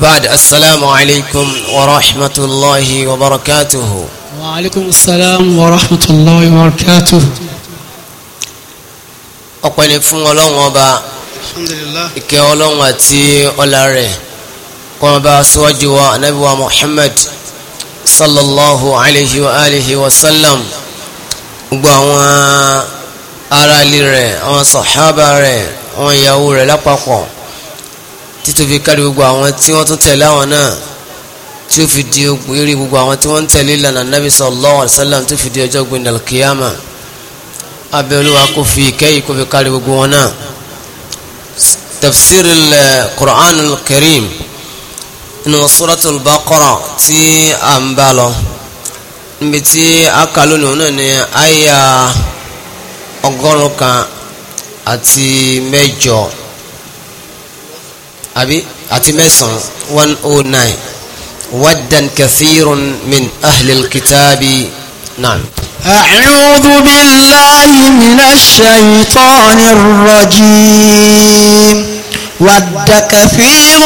وبعد السلام عليكم ورحمة الله وبركاته وعليكم السلام ورحمة الله وبركاته ọpẹni fún Ọlọ́run ọba alhamdulillah ìkẹ́ Ọlọ́run àti ọlá rẹ̀ kọ́n bá aṣíwájú wa anabi wa Muhammad sallallahu alayhi wa alihi wa sallam gbogbo àwọn aráàlú rẹ̀ àwọn sọ̀hábà rẹ̀ àwọn ìyàwó rẹ̀ lápapọ̀ títò fi kárí gbogbo àwọn tí wọ́n tún tẹ̀lé àwọn náà tí ó fi di ogun eré gbogbo àwọn tí wọ́n ń tẹ̀lé ìlànà Nabi sallallahu alaihi wasallam tó fi di ọjọ́ gbin dàlùkìyàmà abẹ́ olúwa kò fi ìkẹ́yìí kò fi kárí gbogbo wọn náà tafsir al-Qur'an al inú suratul Baqara tí a ń bá lọ níbi tí a kà lónìí náà ni àyà ọgọ́rùn-ún kan àti mẹ́jọ. أبي أتي àti وان أو ناي nine كثير من أهل الكتاب نعم أعوذ بالله من الشيطان الرجيم ود كثير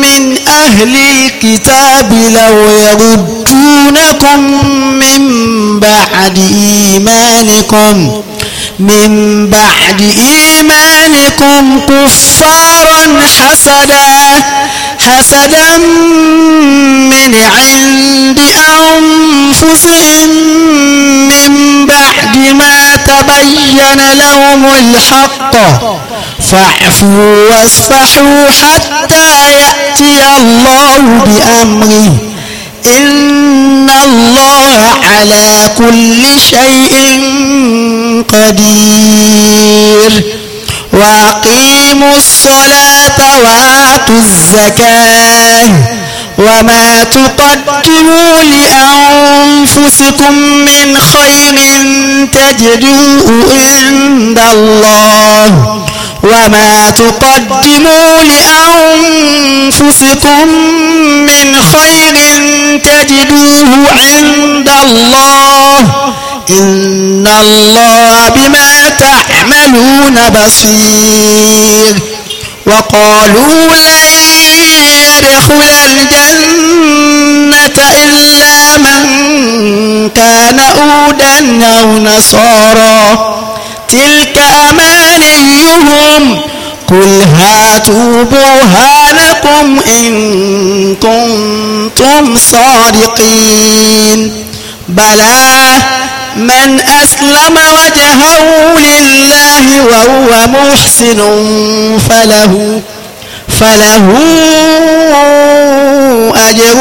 من أهل الكتاب لو يردونكم من بعد إيمانكم من بعد إيمانكم كفارا حسدا حسدا من عند أنفسهم من بعد ما تبين لهم الحق فاعفوا واصفحوا حتى يأتي الله بأمره إن الله على كل شيء قدير وأقيموا الصلاة وآتوا الزكاة وما تقدموا لأنفسكم من خير تجدوه عند الله وما تقدموا لأنفسكم من خير تجدوه عند الله إن الله بما تعملون بصير وقالوا لن يدخل الجنة إلا من كان أودا أو نصارا تلك أمانيهم قل هاتوا برهانكم إن كنتم صادقين بلى من أسلم وجهه لله وهو محسن فله فله أجر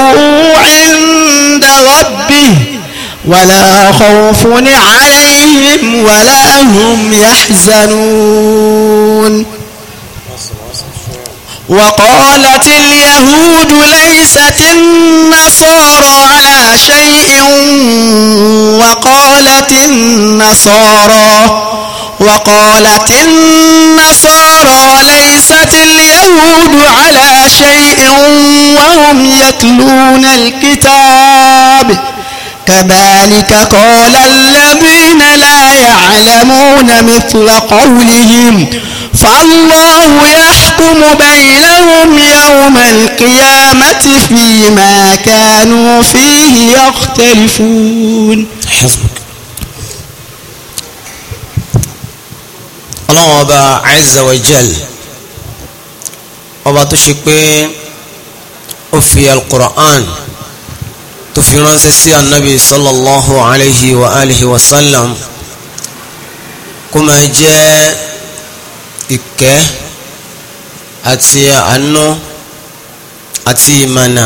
عند ربه ولا خوف عليهم ولا هم يحزنون وقالت اليهود ليست النصارى على شيء وقالت النصارى وقالت النصارى ليست اليهود على شيء وهم يتلون الكتاب كذلك قال الذين لا يعلمون مثل قولهم فالله يحب يحكم بينهم يوم القيامة فيما كانوا فيه يختلفون حسبك الله أبا عز وجل أبا تشكي أفي القرآن تفي رنسي النبي صلى الله عليه وآله وسلم كما جاء إكه àti àánú àti ìmọ̀nà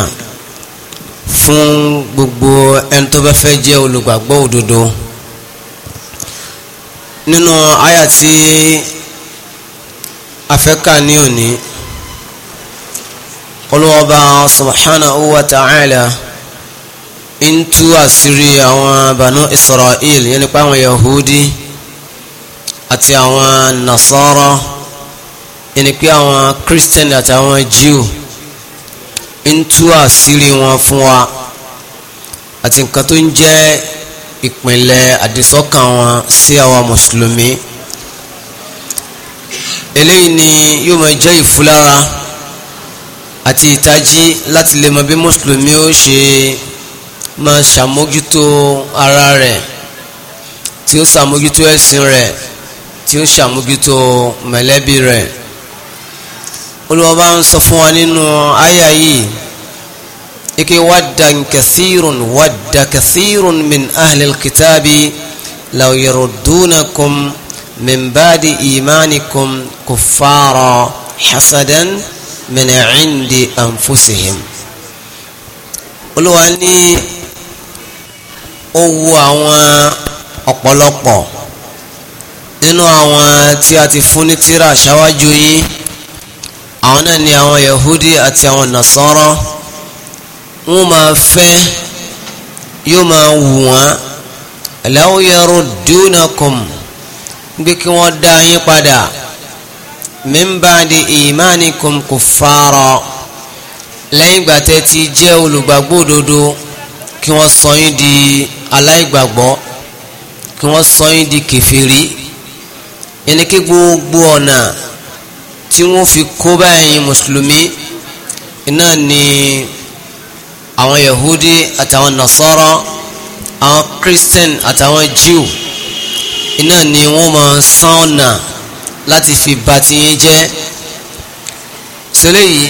fún gbogbo ẹni tó bá fẹ́ jẹ́ olùgbàgbọ́ òdodo nínú àyà tí afẹ́kà ní òní olùwọ́ba subhanahu wa ta'ala ń tú àṣírí àwọn banu Israel yẹn nípa àwọn Yahudi àti àwọn Nasara ẹni pé àwọn christian àtàwọn jew ń tú àṣírí wọn fún wa àti nǹkan tó ń jẹ́ ìpìnlẹ̀ àdìsọ́kàn wọn sí àwa mùsùlùmí eléyìí ni yóò máa jẹ́ ìfúlára àti ìtají láti lè mọ bí mùsùlùmí ó ṣe máa ṣàmójútó ara rẹ̀ tí ó ṣàmójútó ẹ̀sìn rẹ̀ tí ó ṣàmójútó mẹ̀lẹ́bí rẹ̀ olùwọ́ bá ń sọ fún wa nínú àyà yìí ike waddan kathirun wadda kathirun min ahli alkitabi law yaruddunakum min ba'di imanikum kuffara hasadan min 'indi anfusihim olùwọ́ ní ó wu àwọn ọ̀pọ̀lọpọ̀ nínú àwọn tí a ti fún ní tírà ṣáwájú yìí àwọn náà ni àwọn yahudi àti àwọn nasara wọ́n máa fẹ́ yóò máa wù wọ́n law yaruddunakum gbé kí wọ́n dá yín padà min ba'di imanikum kuffara lẹ́yìn ìgbà tẹ́ ti jẹ́ olùgbàgbọ́ òdodo kí wọ́n sọ yín di aláìgbàgbọ́ kí wọ́n sọ yín di kèfèrí yẹn ni kí gbogbo ọ̀nà tí wọ́n fi kó báyìí mùsùlùmí iná ni àwọn yahudi àtàwọn nasara àwọn christian àtàwọn jew iná ni wọ́n máa ń sán ọ̀nà láti fi ba ti yín jẹ́ sọlẹ́ yìí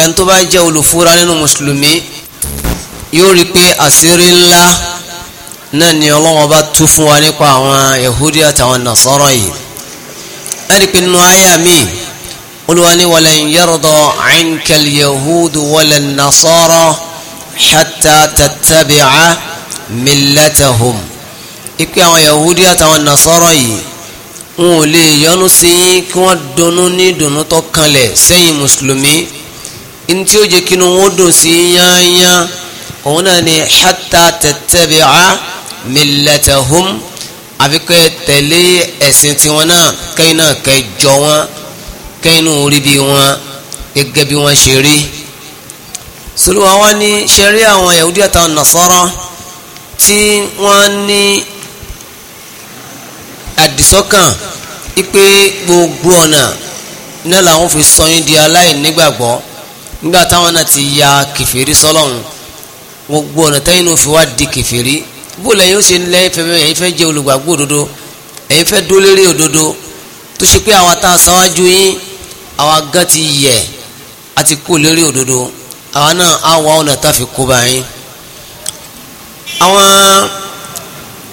ẹni tó bá jẹ́ olùfura nínú mùsùlùmí yóò rí pé àṣírí ńlá náà ni ọlọ́wọ́n bá tú fún wa nípa àwọn yahudi àtàwọn nasara yìí ẹni pé nínú àyà míì olùwàní walan yarda ankal yahudu walan nasara hatta tattabi'a millatahum ipe àwọn yahudi àtàwọn nasara yìí wọn ò lè yọ́nú sí kí wọ́n dunnú ní dunnú tó kanlẹ̀ sẹ́yìn mùsùlùmí ní tí ó jẹ́ kí inú wọn dùn sí yányá òun náà ni hatta tattabi'a millatahum àfikẹ́ tẹ̀lé ẹ̀sìn tiwọn náà kẹ́yìn náà kẹ́ jọ wọn kẹ́yìn orí bí wọn gẹ́gẹ́ bí wọ́n ṣe rí sọlọ́wọ́ wọn ní ṣẹ̀rí àwọn yahudi àtàwọn nasara tí wọ́n ní àdìsọ́kàn ipe gbogbo ọ̀nà náà làwọn fi sọ yín di aláìnígbàgbọ́ nígbà táwọn náà ti ya kẹfìrí sọlọ́run gbogbo ọ̀nà tẹ́yìn fi wá di kẹfìrí bó lẹ́yìn ó ṣe lẹ́yìn fẹ́ ẹ̀yin fẹ́ jẹ́ olùgbàgbọ́ òdodo ẹ̀yin fẹ́ dó lérí òdodo tó ṣe pé àwọn tá a sáwájú yín àwa gan ti yẹ a ti kú lérí òdodo àwa náà á wá ọ̀nà tá a fi kó báyìí àwọn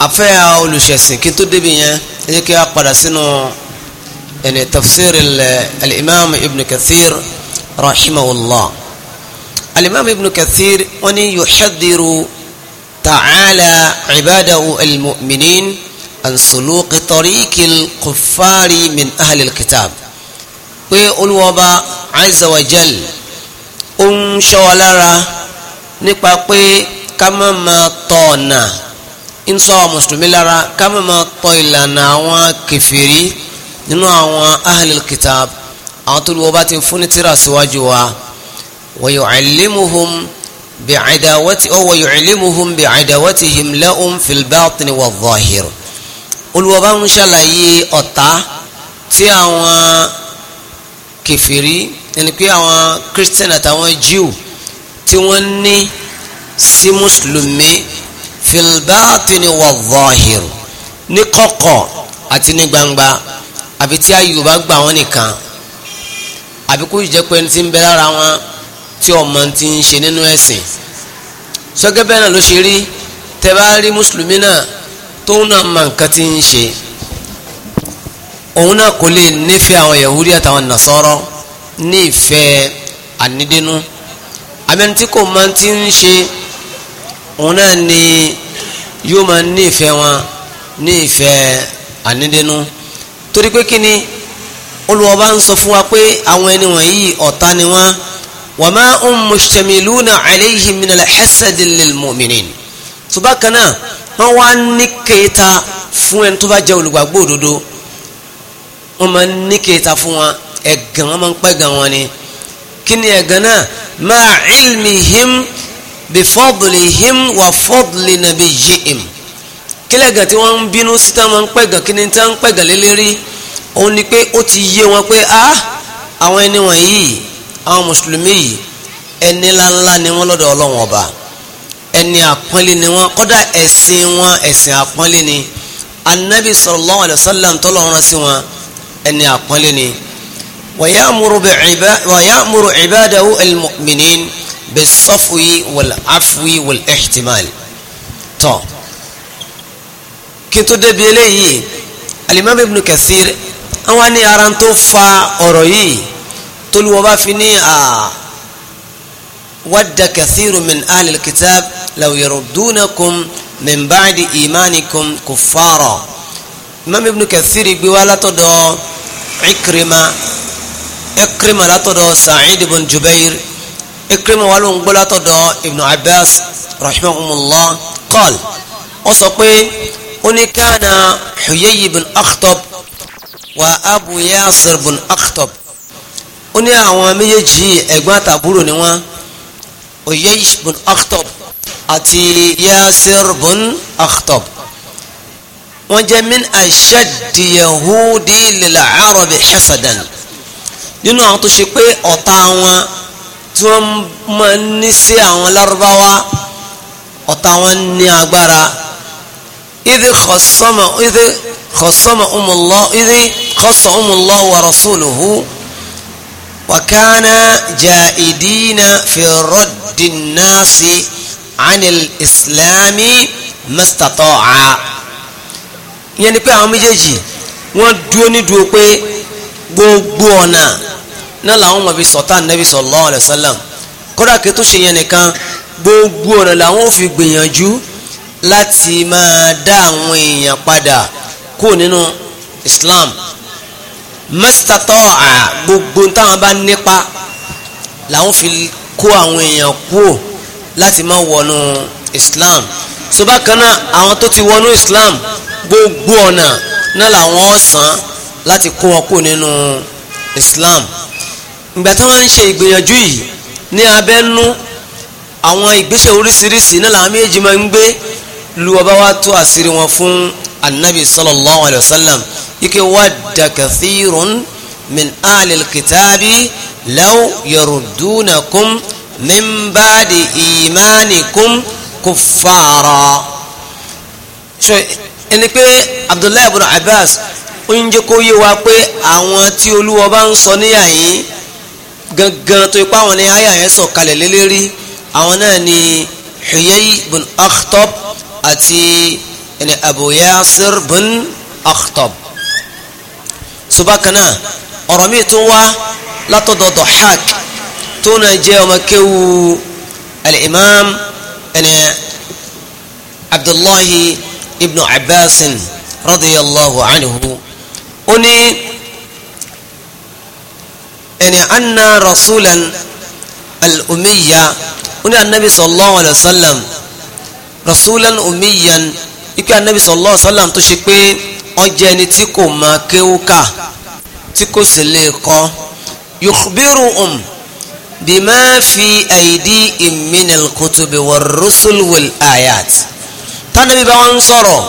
afẹ́ olùṣẹ̀sìn kí n tó débi yẹn ẹ jẹ́ kí a padà sínú ẹni tafsir al-imam ibn kathir rahimahullah al ibn kathir wọ́n ní yuhadiru ta'ala ibadahu al-mu'minin an tariqil kuffari min ahlil kitab pé olúwọba azza wa jal ó ń ṣọ́ wa lára nípa pé ká má máa tọ̀ ọ̀nà ń sọ mùsùlùmí lára ká má máa tọ̀ ìlànà àwọn kẹfìrí nínú àwọn ahlil kitab àwọn tó ti fún ní tíra síwájú wa wa yu'allimuhum bi'adawati aw wa yu'allimuhum bi'adawatihim lahum fil batin wa zahir olùwọ́ bá ń ṣàlàyé ọ̀tá tí àwọn kèfèrí ẹni pé àwọn christian àtàwọn jew tí wọ́n ní sí mùsùlùmí fil batini wa zahir ní kọ̀kọ̀ àti ní gbangba àbí tí ayò bá gbà wọ́n nìkan àbí kó jẹ́ pé ẹni tí ń bẹ lára wọn tí ọmọ ti ń ṣe nínú ẹ̀sìn sọ́gẹ́bẹ́ náà ló ṣe rí tẹ́ mùsùlùmí náà tóun náà mọ nǹkan tí ń ṣe òun náà kò lè nífẹ̀ẹ́ àwọn yahudi àtàwọn nasọ́rọ́ ní ìfẹ́ ànídínú amẹni tí kò máa ti ń ṣe òun náà ni yóò máa ní wọn ní ìfẹ́ torí pé kí ni olùwọ́ba ń sọ fún wa pé àwọn ẹni wọ̀nyí ọ̀tá ni wọ́n wa ma hum mustamiluna alayhi minal hasadi lil mu'minin tó bá kan náà wọ́n wá ní kéta fún ẹni tó bá jẹ́ olùgbàgbọ́ òdodo wọ́n máa ń ní kẹta fún wọn ẹ̀gàn wọ́n máa ń pẹ́ gan wọn ni kí ni ẹ̀gàn náà máa ilmihim bi fadlihim wa fadli nabiyihim kí lẹ́gàn tí wọ́n ń bínú sí táwọn máa ń pẹ́gàn kí ni táwọn ń pẹ́gàn lélẹ́rí òun ni pé ó ti yé wọn pé ah àwọn ẹni wọ̀nyí àwọn mùsùlùmí yìí ẹni ńláńlá ni wọ́n lọ́dọ̀ ọlọ́wọ́n ọba ẹni àpọ́nlé ni wọ́n kọ́dà ẹ̀sìn wọn ẹ̀sìn àpọ́nlé ni anabi sallallahu alaihi wasallam tọ́lọ́run sí wọn ẹni àpọ́nlé ni wa ya'muru ibadahu al-mu'minin bis-safwi wal-afwi wal-ihtimal tọ́ kí n tó débi eléyìí alimami ibn kathir àwọn ní ara tó fa ọ̀rọ̀ yìí tolúwọ́ bá fi ní à wadda kathiru min ahli al-kitab law yaruddunakum min ba'di imanikum kuffara imam ibn kathir gbé wá látọ̀dọ̀ ikrima ikrima látọ̀dọ̀ sa'id ibn jubair ikrima wà ló ń gbọ́ látọ̀dọ̀ ibn abbas rahimahumullah qal ó sọ pé ó ní kánà huyay ibn akhtab wa abu yasir ibn akhtab ó ní àwọn méjèèjì ẹ̀gbọ́n àtàbúrò ni wọ́n huyay ibn akhtab àti yasir ibn akhtab wọ́n jẹ́ min ashaddi yahudi lil arabi hasadan nínú àwọn tó ṣe pé ọ̀tá wọn tí wọ́n máa ń ní sí àwọn lárúbáwá ọ̀tá wọn ní agbára idh khasama idh khasama umullah idh khasamullah wa rasuluhu wa jaidina fi anil islami mastata'a ìyẹn ni pé àwọn méjèèjì wọ́n dúró nídúró pé gbogbo ọ̀nà náà làwọn ọmọ fi sọ̀tà nẹ́bí sallallahu alaihi wasallam kódà kí tó ṣe yẹn nìkan gbogbo ọ̀nà làwọn ò fi gbìyànjú láti máa dá àwọn èèyàn padà kú nínú Islam mẹ́sítátọ́ à gbogbo táwọn bá nípa làwọn fi kó àwọn èèyàn kú láti máa wọnú Islam so bákan náà àwọn tó ti wọnú Islam gbogbo ọ̀nà náà làwọn ọ̀sán láti kó wọn kú nínú Islam ìgbà tí wọ́n ń ṣe ìgbìyànjú yìí ní abẹ́nú àwọn ìgbésẹ̀ oríṣiríṣi náà làwọn méjì máa ń gbé lu ọba wa tú àṣírí wọn fún anabi sallallahu alayhi wa sallam ike wadda kathirun min alil kitabi law yarudunakum min baadi imanikum kuffara ẹni pé abdullahi ibn abbas ó ń jẹ́ kó yé wa pé àwọn tí olúwa bá ń sọ níyà yìí gangan tó ipá wọn ni àyà yẹn sọ kalẹ̀ lélẹ́rí àwọn náà ni huyay bin akhtab àti ẹni abu yasir bin akhtab subakana ọ̀rọ̀ mi tún wá látọ̀dọ̀ Dahhak tó náà jẹ́ ọmọ kéwu al ẹni abdullahi ibn abbas radiyallahu anhu ó ní ẹni anna rasulan al-umiyya ó ní anabi sallallahu alayhi wa sallam rasulan umiyan ikú anabi sallallahu alayhi wa sallam tó ṣe pé ó jẹ́ ẹni tí kò máa kéwúkà tí kò sì lè kọ́ yukhbiruhum bima fi aidi iminal kutubi wa rusul wal ayat tánàbí bá wọn sọ̀rọ̀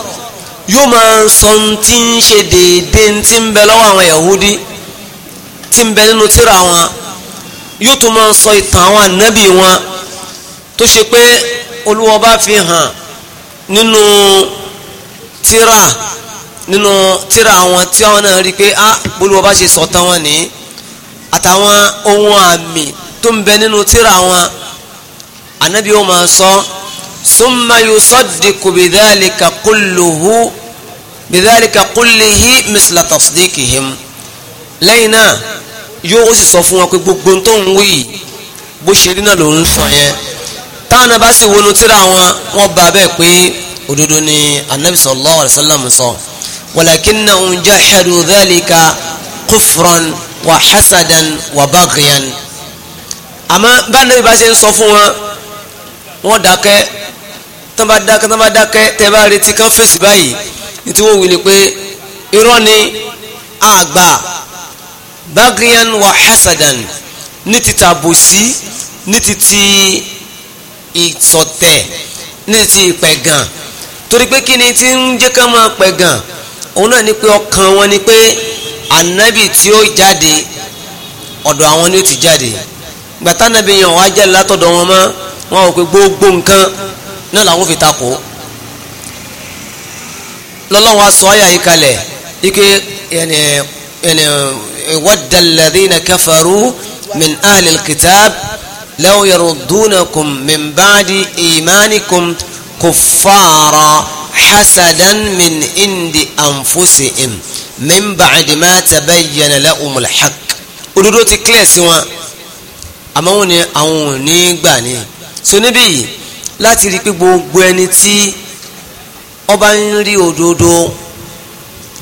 yóò máa sọ tí ń ṣe déédé tí ń bẹ lọ́wọ́ àwọn yahudi tí ń bẹ nínú tírà wọn yóò tún máa sọ ìtàn àwọn ànábì wọn tó ṣe pé olúwa bá fi hàn nínú tírà nínú tírà àwọn tí àwọn náà rí i pé ah olúwa bá ṣe sọ tán wọn nìyí àtàwọn ohun àmì tó ń bẹ nínú tírà wọn ànábì ó máa sọ. So, ثم يصدق بذلك كله بذلك كله مثل تصديقهم لينا yóò sì sọ fún wọn pé gbogbo tó ń wí bó ṣe rí náà ló ń sọ yẹn táwọn náà bá sì wọnú tíra wọn wọn bá bẹ́ẹ̀ pé òdodo ni anabi sallallahu alayhi wa sallam sọ walakinnahum jahadu dhalika kufran wa hasadan wa baghyan àmọ́ bá anabi bá ṣe ń sọ fún wọn wọn dákẹ́ tán bá dákẹ́ tán bá dákẹ́ tẹ́ bá retí kán fèsì báyìí ní tí wí ni pé irọ́ ni àgbà bagian wa hasadan ní ti tàbòsí ní ti ti ìsọ̀tẹ̀ ní ti ìpẹ̀gàn torí pé kí ni ti ń jẹ́ ká máa pẹ̀gàn òun náà ni pé ọkàn wọn ni pé ànábì tí ó jáde ọ̀dọ̀ àwọn ni ó ti jáde gbàtà nàbí yẹn látọ̀dọ̀ wọn mọ́ wọn ò pé gbogbo nǹkan náà làwọn fi takò lọ́lọ́run wa sọ ayà yìí kalẹ̀ ike ẹni ẹni wadda alladhina kafaru min ahli alkitab law yaruddunakum min ba'di imanikum kuffara hasadan min indi anfusihim min ba'di ma tabayyana lahum alhaq òdodo ti kílẹ̀ sí wọn àmọ́ wọn ni àwọn ò ní gbà ní so níbí yìí láti rí i pé gbogbo ẹni tí ọba ń rí òdodo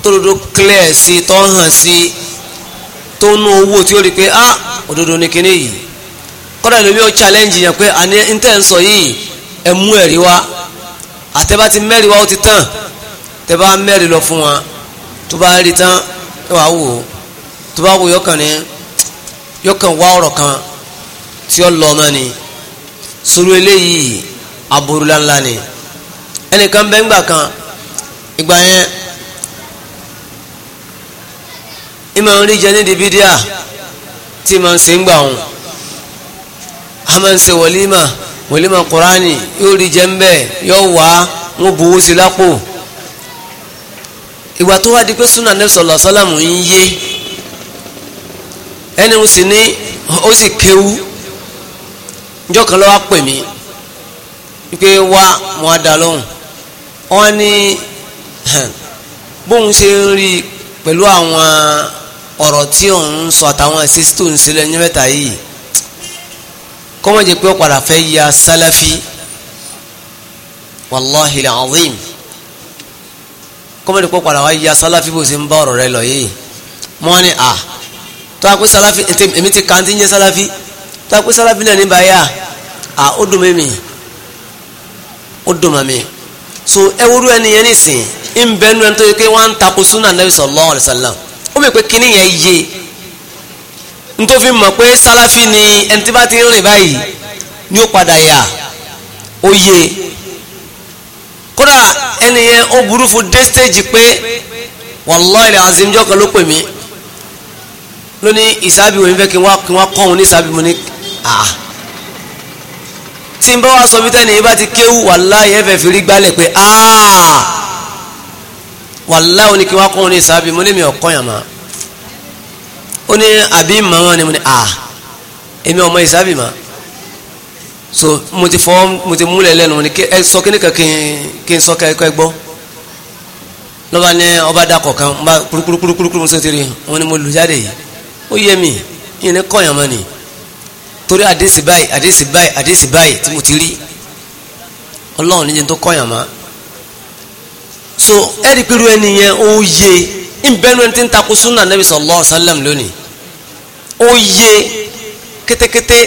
tó dodo clear sí tó hàn sí tó nú owó tí ó rí i pé ah òdodo ni kíní yìí kọ́dà lómi ó challenge yẹn pé àní ń tẹ̀ ń sọ yìí ẹ mú ẹ̀rí wá àtẹ́bá ti mẹ́rin wá ó ti tàn tẹ́bá mẹ́rin lọ fún wa tó bá rí tán ẹ wàá wò ó tó bá wò yọkàn ní yọkàn wá ọ̀rọ̀ kan tí ó lọ ọmọ ni sórí eléyìí aburula ńlá ni ẹnìkan bẹ́ẹ̀ ńgbà kan ìgbà yẹn ìmọ̀ orí jẹ nídìí bídíà tí màá ń se ńgbà òun a máa ń se wọlímà wọlímà kùránì yóò rí jẹ ńbẹ yóò wá wọn buwó sí lápò ìgbà tó wá di pé súnà nẹ́bí sọ̀lá sálàmù ń yé ẹni mo sì ní ó sì kéwú njọ́ kan lọ́wọ́ pè mí wípé wá mo á dá lóhùn wọ́n ní bóun ṣe ń rí pẹ̀lú àwọn ọ̀rọ̀ tí òun ń sọ àtàwọn ẹ̀sìn tó ń sílẹ̀ ní mẹ́ta yìí kọ́mọ̀jẹ̀ pé ó padà fẹ́ ya sálàfí wàláhi alazim kọ́mọ̀jẹ̀ pé ó padà wá ya sálàfí bó ṣe ń bá ọ̀rọ̀ rẹ lọ yìí mọ́ ni à tó a pé sálàfí èmi ti kàn ti ń jẹ́ sálàfí tó a pé sálàfí náà ní báyà à ó dùn mí mi ó dùn mọ́ mi so ẹ wúru ẹni yẹn nísìn ń bẹ nu ẹni tó yẹ pé wọ́n ń takò súnà nàbì sallallahu alaihi wasallam ó mọ̀ pé kíní yẹn yé n tó fi mọ̀ pé sálàfí ni ẹni tí bá ti rìn báyìí ni ó padà yà ó yé kódà ẹni yẹn ó burú fún dé stéèjì pé wallahi azim jọ́ kan ló pè mí lónìí ìsábìwò yìí fẹ́ kí wọ́n kọ́ òun ní ìsábìwò ní àá. Ah, tí n bá wá sọ bí tẹ́ni yìí bá ti kéwù wàláhì ẹ̀fẹ̀ fi rí gbálẹ̀ pé aaa wàláhì oní kí wọ́n kọ́ ní ìsábì mo ní mi ọ̀kọ́ yàn má ó ní àbí màmá ni mo ní a èmi ọmọ ìsábì má so mo ti fọ́ mo ti múlẹ̀ lẹ́nu mo ní ẹ sọ kí ni kan kí n sọ kẹ́kọ́ ẹ gbọ́ lọ́ba ní ọba dakọ̀ kan kurukuru kurukuru mo sọ ti rí wọn ni mo lù jáde yìí ó yẹ mi ìyẹn ní kọ́ yàn má nìyí torí àdéhìsì báyìí àdéhìsì báyìí àdéhìsì báyìí tí mo ti rí ọlọ́run níjẹ́ tó kọ́yàn má so ẹ̀rí pẹ̀lú ẹni yẹn ó yé ìbẹ́nu ẹni tí ń takò súnà nàbì sallallahu alaihi wasallam lónìí ó yé kétékété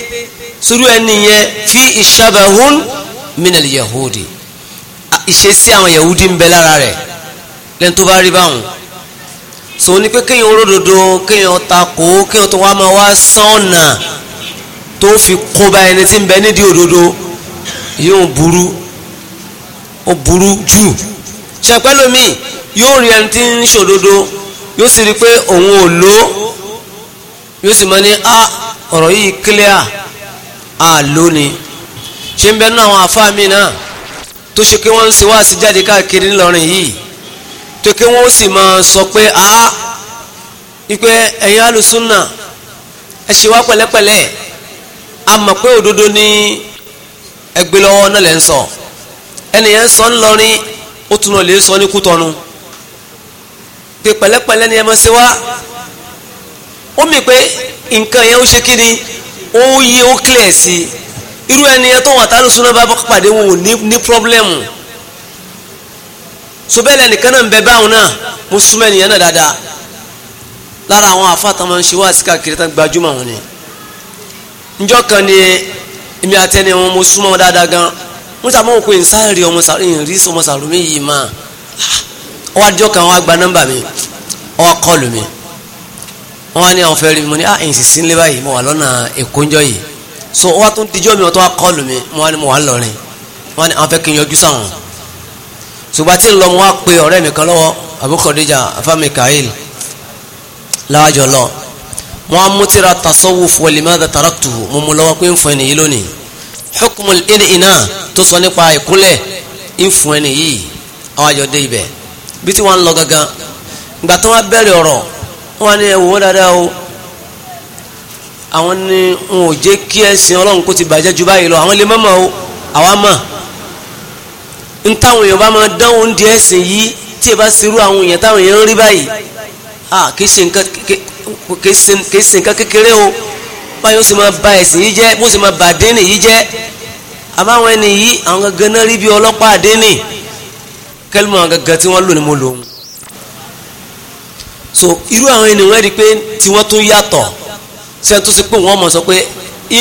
sórí ẹni yẹn fi ìṣàbẹ̀hún minal yahudi ìṣesí àwọn yahudi ń bẹ lára rẹ̀ lẹ́ni tó bá rí báwọn so ní pé kéèyàn olódodo kéèyàn takò kéèyàn tó wá máa wá sọ́ọ̀nà tó fi kóba ẹni tí ń bẹ nídìí òdodo yóò burú ó burú jù ṣẹpẹ́lómi yóò rí ẹni tí ń ṣòdodo yóò sì rí pé òun ò lò ó yóò sì mọ ní a ọ̀rọ̀ yìí clear a lò ní ṣe ń bẹ nínú àwọn àfáà mi náà tó ṣe pé wọ́n ń ṣe wáàsí jáde káàkiri ńlọrin yìí tó pé wọ́n sì máa sọ pé a ipe ẹ̀yin alùsùnà ẹ ṣe wá pẹ̀lẹ́pẹ̀lẹ́ a mọ̀ pé òdodo ní ẹgbẹ́ lọ́wọ́ náà lẹ́ ń sọ ẹnìyẹn sọ ńlọrin ni tún lọ lè sọ ní kútọ́nu pé pẹ̀lẹ́pẹ̀lẹ́ ni ẹ mọ̀ sí wá ó mì pé nǹkan yẹn ó ṣe kí ni ó yé ó clear sí i irú ẹnìyẹn tó wà tálù súná bá pàdé wọn ò náà ń báwọn náà mo súnmọ́ ẹnìyẹn náà dáadáa lára àwọn àfáàtà máa ń ṣe wá sí káàkiri tán gbajúmọ̀ wọn ni njọ́ kan ni èmi àtẹni wọn mo súnmọ́ wọn dáadáa gan wọ́n sàmọ́ òkú ìsáàrí ọmọ sàrúmí ìrìn rí ọmọ sàrúmí yìí mà ọwọ́ àdìjọ́ kan wọ́n gba nọ́mbà mi ọwọ́ kọlù mi wọ́n wá ní àwọn fẹ́ rí mi mo ní à ẹ̀yìn sísí báyìí mo wà lọ́nà èkó yìí so ọwọ́ tó ń dijọ́ mi ọ̀tọ́ wá kọlù mi mo wá ní mo wà lọ́rin wọ́n wá ní àwọn fẹ́ kí n yọjú sáwọn ṣùgbọ́n tí lọ mo wá pe ọ̀rẹ́ mi kan lọ́wọ́ àbúkọ̀déjà afámi kail láwájọ lọ́ọ́ wọn á mútira tasawuf wa limadha taraktuhu mo mú lọ́wọ́ yìí lónìí hukmul in'ina tó sọ nípa ìkúnlẹ̀ ń fún yìí àwọn àjọ dé ibẹ̀ bí tí lọ gangan ìgbà tó wọ́n bẹ̀rẹ̀ ọ̀rọ̀ wọ́n ní ẹ̀wọ̀ dáadáa o àwọn ni wọn ò jẹ́ kí ẹ̀sìn ọlọ́run kó ti bàjẹ́ ju báyìí lọ àwọn lè mọ́mọ́ o àwa mọ̀ n táwọn èèyàn bá máa dánwò ń di ẹ̀sìn yìí tí ẹ bá serú àwọn èèyàn táwọn èèyàn ń rí báyìí à kì í ṣe nǹkan kìí ṣe nǹkan kékeré o báyọ̀ sì máa ba ẹ̀sìn yìí jẹ́ bó sì máa ba àdéhìn yìí jẹ́ àbáwọn ẹni yìí àwọn gangan náà rí bí ọlọ́pàá àdéhìn kẹ́lùmọ̀ àwọn gangan tí wọ́n lò ní mo lò ó so irú àwọn ẹni wọ́n rí pé tí wọ́n tún yàtọ̀ sẹ́ni tó ṣe pé wọ́n mọ̀ sọ pé